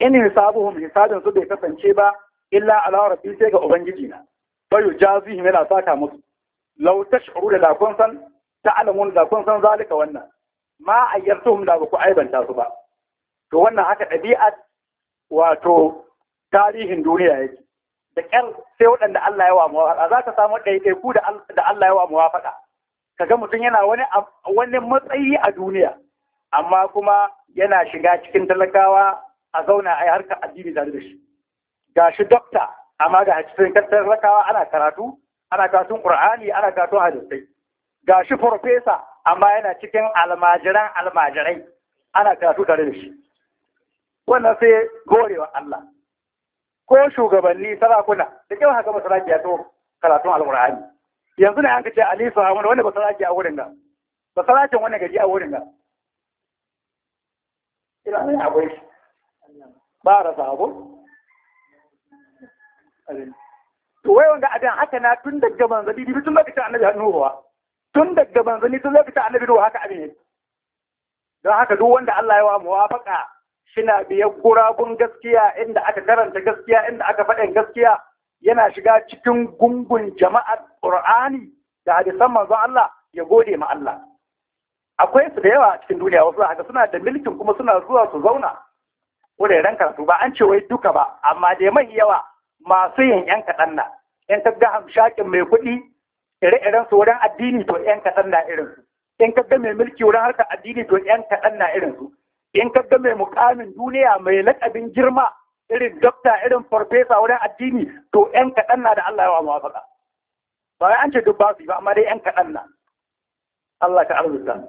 in hisabuhum hisabin su bai kasance ba illa ala rabbi sai ga ubangiji na fa yujazihim yana saka musu law tash'uru da kun san ta'lamun da kun san zalika wannan ma ayyartuhum da ba ku aibanta su ba to wannan haka dabi'at wato tarihin duniya yake da ƙyar sai waɗanda Allah ya yawa muwafaɗa za ka samu ku da Allah ya wa muwafaɗa ka ga mutum yana wani matsayi a duniya amma kuma yana shiga cikin talakawa a zauna a yi harkar addini tare da shi ga shi dokta amma ga cikin kantar rakawa ana karatu ana karatun qur'ani ana karatun hadisai ga shi farfesa amma yana cikin almajiran almajirai ana karatu tare da shi wannan sai gorewa Allah ko shugabanni sarakuna da kyau haka masaraki ya to karatun alqur'ani yanzu ne an kace Ali Sahamun wanda basaraki a wurin nan basarakin wani gaji a wurin nan ina ne akwai shi ba sabo to wai wanda abin haka na tun daga manzali bi tun lokacin annabi ruwa tun daga manzali tun lokacin annabi ruwa haka abin yake don haka duk wanda Allah ya wa muwafaka shina biyar gurabun gaskiya inda aka karanta gaskiya inda aka faɗin gaskiya yana shiga cikin gungun jama'ar Qur'ani da hadisan manzon Allah ya gode ma Allah akwai su da yawa cikin duniya wasu haka suna da milkin kuma suna zuwa su zauna ran karatu ba an ce wai duka ba amma dai mai yawa masu yin yan kaɗan na in ka ga hamshakin mai kuɗi ire-iren su wurin addini to yan kaɗan na irin su in ka ga mai mulki wurin harkar addini to yan kaɗan na irin su in ka ga mai mukamin duniya mai lakabin girma irin dokta irin farfesa wurin addini to yan kaɗan na da Allah ya wa mawafaka ba wai an ce duk ba su ba amma dai yan kaɗan na Allah ka arzuta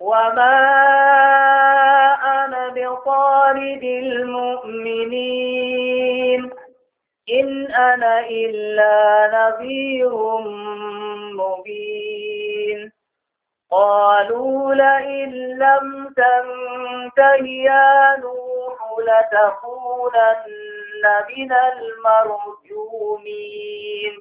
وما أنا بطارد المؤمنين إن أنا إلا نذير مبين قالوا لئن لم تنته يا نوح لتكونن من المرجومين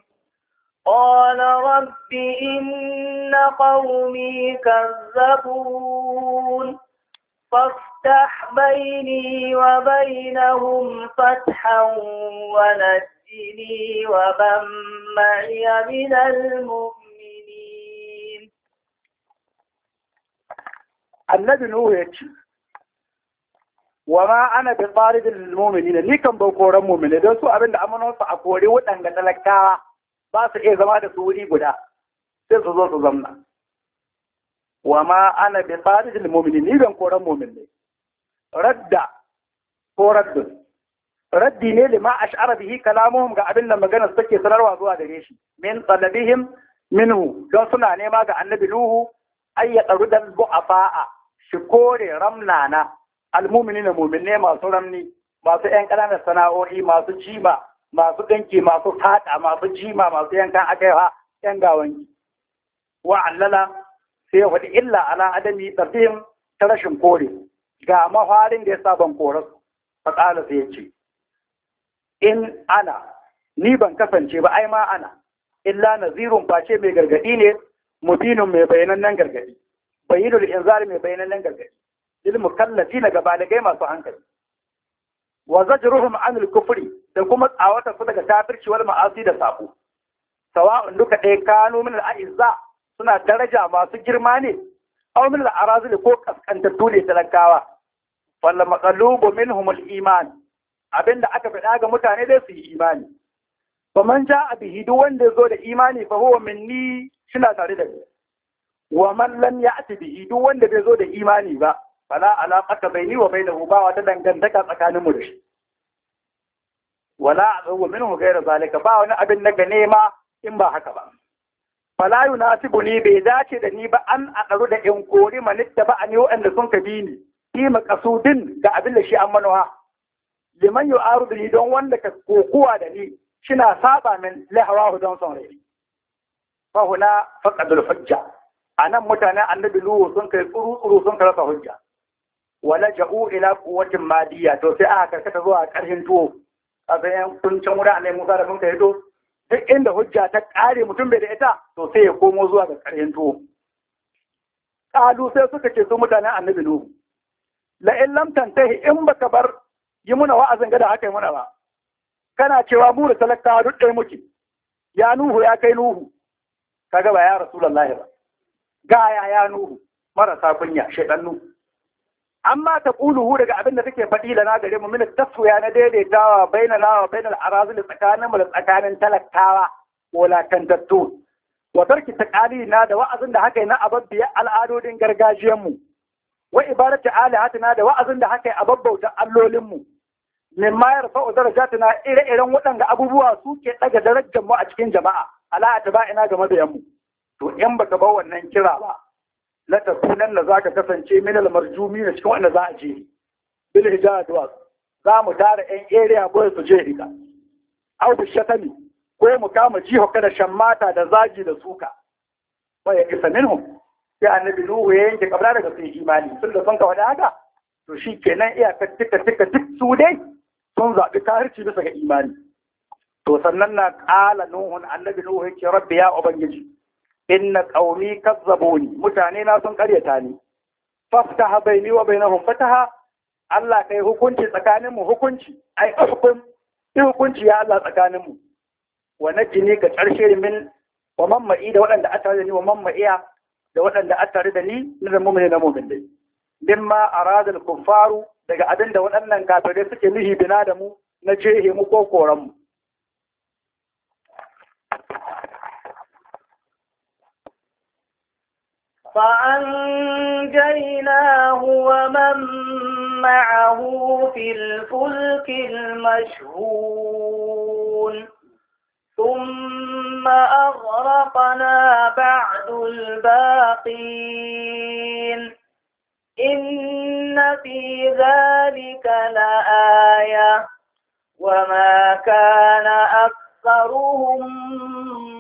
قال رب إن قومي كذبون فافتح بيني وبينهم فتحا ونجني ومن معي من المؤمنين النبي نوهج وما أنا بطارد المؤمنين لكم بقول المؤمنين دوسوا أبن أمنوا فأقولي وأنك تلكاها ba su iya zama da su wuri guda sai su zo su zamna wa ma ana bi kharijil mu'minin ni ban koran mu'min ne radda ko raddun raddi ne lima ash'ara bihi kalamuhum ga abin da magana take sanarwa zuwa gare shi min talabihim minhu don suna nema ga annabi nuhu ay ya tsaru dan bu'afa'a shi kore ramnana almu'minina mu'minne masu ramni masu yan ƙananan sana'o'i masu jiba masu ganki masu fada masu jima masu yankan akaiwa yan gawanki wa allala sai ya faɗi illa ala adami tsafihim ta rashin kore ga mafarin da ya sa ban kore su fatsala sai ya ce in ana ni ban kasance ba ai ma ana illa nazirun face mai gargadi ne mubinun mai bayanannen gargadi bayyinul inzar mai bayanannen gargadi lil na ga balagai masu hankali wa zajruhum an al-kufri da kuma tsawata su daga kafirci wal ma'asi da sako sawa'un duka ɗaya kanu min al-a'izza suna daraja masu girma ne aw min al-arazil ko kaskantattu ne talakawa wal maqlubu minhum al-iman abinda aka faɗa ga mutane dai su yi imani faman ja'a bihi duk wanda zo da imani fa huwa minni shina tare da ni wa man lam ya'ti bihi wanda bai zo da imani ba fala alaƙata bai ni wa bai da ba wata dangantaka tsakanin mu da shi wala azubu minhu ghayra zalika ba wani abin na nema in ba haka ba fala yunasibu ni bai dace da ni ba an aqaru da in kori manitta ba ani wa'anda sun ka bi ni kasu maqasudin da abin da shi an liman da ni don wanda ka kokuwa da ni shina saba min lahawahu don son rai fa huna faqadul hujja anan mutane annabi luwu sun kai tsuru tsuru sun rasa hujja wala ja'u ila quwwatin madiya to sai aka karkata zuwa karhin tuwo a bayan kuncin wurin annabi Musa da mun kai to duk inda hujja ta kare mutum bai da ita to sai ya komo zuwa ga karhin tuwo kalu sai suka ce su mutanen annabi Nuhu la in lam tantahi in baka bar yi muna wa'azin gada haka yi muna ba kana cewa mu da talakawa duk ɗaya muke ya Nuhu ya kai Nuhu kaga ba ya Rasulullahi ba ga ya ya Nuhu marasa kunya shaidan Nuhu amma ta kuluhu daga abin da take faɗi da na gare mu mina taswiya na daidaitawa bainal lawa bainal arazil tsakanin mu da tsakanin talakawa walakantattu wa tarki taqali na da wa'azin da haka na ababbiya al'adodin gargajiyan mu wa ibarati alihatina da wa'azin da haka ababbauta allolin mu mimma yarfa'u darajatina ire-iren waɗanda abubuwa suke ɗaga darajar mu a cikin jama'a ala ina ga mabiyan mu to in baka bar wannan kira ba la takunan za ka kasance min al-marjumi na cikin wanda za a je bil hijadwa za mu tara yan area boy su je hika au bi shatami ko mu kama jiho kada shammata da zagi da suka wa ya isa minhum sai annabi nuhu ya yanke kabla daga sun imani sun da sun ka wada haka to shi kenan iyakar tika tika duk su dai sun zaɓi kahirci bisa ga imani to sannan na ƙala nuhun annabi nuhu yake rabbi ya ubangiji inna qaumi kazzabuni mutane na sun karyata ni faftaha baini wa bainahum fataha Allah kai hukunci tsakanin mu hukunci ai hukum hukunci ya Allah tsakanin mu wa najini ka karshe min wa mamma'i da waɗanda a tare da ni wa mamma'iya da waɗanda a tare da ni na da mummuni na mummin dai din ma aradul kuffaru daga abin da waɗannan kafirai suke nuhi bina da mu na jehe mu ko koran mu فأنجيناه ومن معه في الفلك المشهون ثم أغرقنا بعد الباقين إن في ذلك لآية وما كان أكثرهم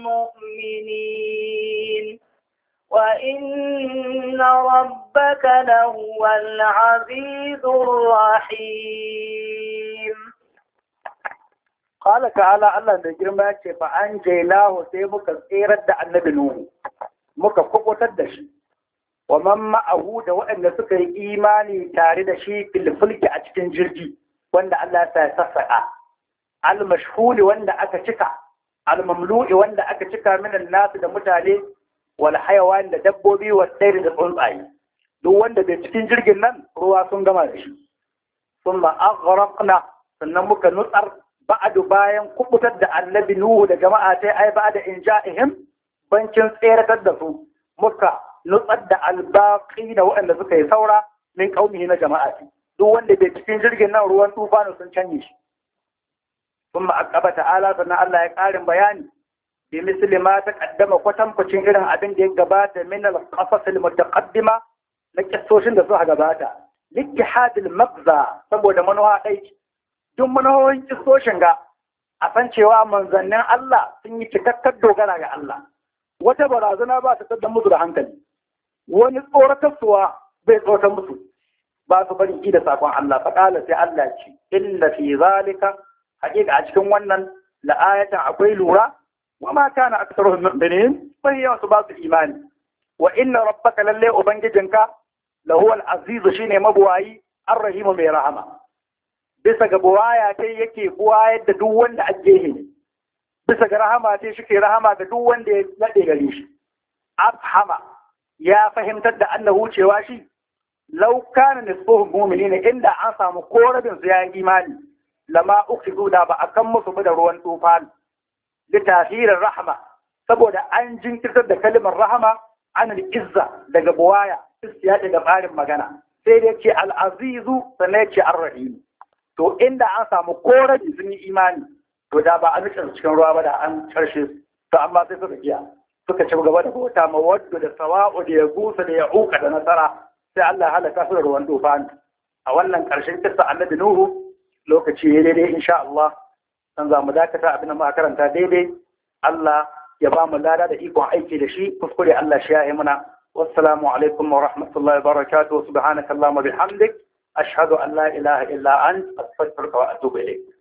مؤمنين وإن ربك لهو العزيز الرحيم قال تعالى الله da girma yace fa an jailahu sai muka tsirar da annabi nuhu muka kubutar da shi wa man ma'ahu da waɗanda suka yi imani tare da shi filfilki a cikin jirgi wanda Allah ya sassaka al mashhuli wanda aka cika al mamlu'i wanda aka cika minan nasu da mutane wal hayawan da dabbobi wa tsairin da tsuntsaye duk wanda bai cikin jirgin nan ruwa sun gama da shi sun ma aghraqna sannan muka nutsar ba'adu bayan kubutar da annabi nuhu da jama'a ta ai ba'da inja'ihim bancin tseratar da su muka nutsar da albaqi da waɗanda suka yi saura min kaumihi na jama'a duk wanda bai cikin jirgin nan ruwan tufanu sun canye shi kuma akaba ta'ala sannan Allah ya karin bayani bi misli ma taqaddama kwatankwacin irin abin da ya gabata min al-qasas al na kissoshin da suka gabata littihadil magza saboda manowa ɗai duk manohohin kissoshin ga a san cewa manzannin Allah sun yi cikakkar dogara ga Allah wata barazana ba ta tsaddan musu da hankali wani tsoratarsuwa zai tsoratar musu ba su ki da sakon Allah faƙala sai Allah ce inna fi zalika haƙiƙa a cikin wannan la'ayatan akwai lura wa ma kana aktsaruhum mu'minin bai ba su imani wa inna rabbaka lalle ubangijinka lahu al-azizu shine mabuwayi ar-rahimu mai rahama bisa ga buwaya ta yake buwayar da duk wanda ake yi bisa ga rahama ta shike rahama da duk wanda ya nade gare shi afhama ya fahimtar da annahu cewa shi law kana nisbuhum mu'minina inda an samu korabin su yayin imani lama ukhidhu da ba akan musu da ruwan tufani li tasirin rahma saboda an jinkirtar da kalimar rahama an izza daga buwaya istiya daga tsarin magana sai dai ce al'azizu sannan ya ce ar to inda an samu korafi sun yi imani to da ba an rike cikin ruwa ba da an karshe su to amma sai suka giya suka ci gaba da bauta mawaddu da sawa'u da ya gusa da ya uka da nasara sai Allah halaka su da ruwan tufani a wannan ƙarshen kissa annabi Nuhu lokaci ya daidai insha Allah san za mu dakata abin da muka karanta daidai Allah ya ba mu lada da ikon aiki da shi kuskure Allah shi ya yi muna wassalamu alaikum wa rahmatullahi wa barakatuh subhanakallahumma bihamdik ashhadu an la ilaha illa ant astaghfiruka wa atubu ilayk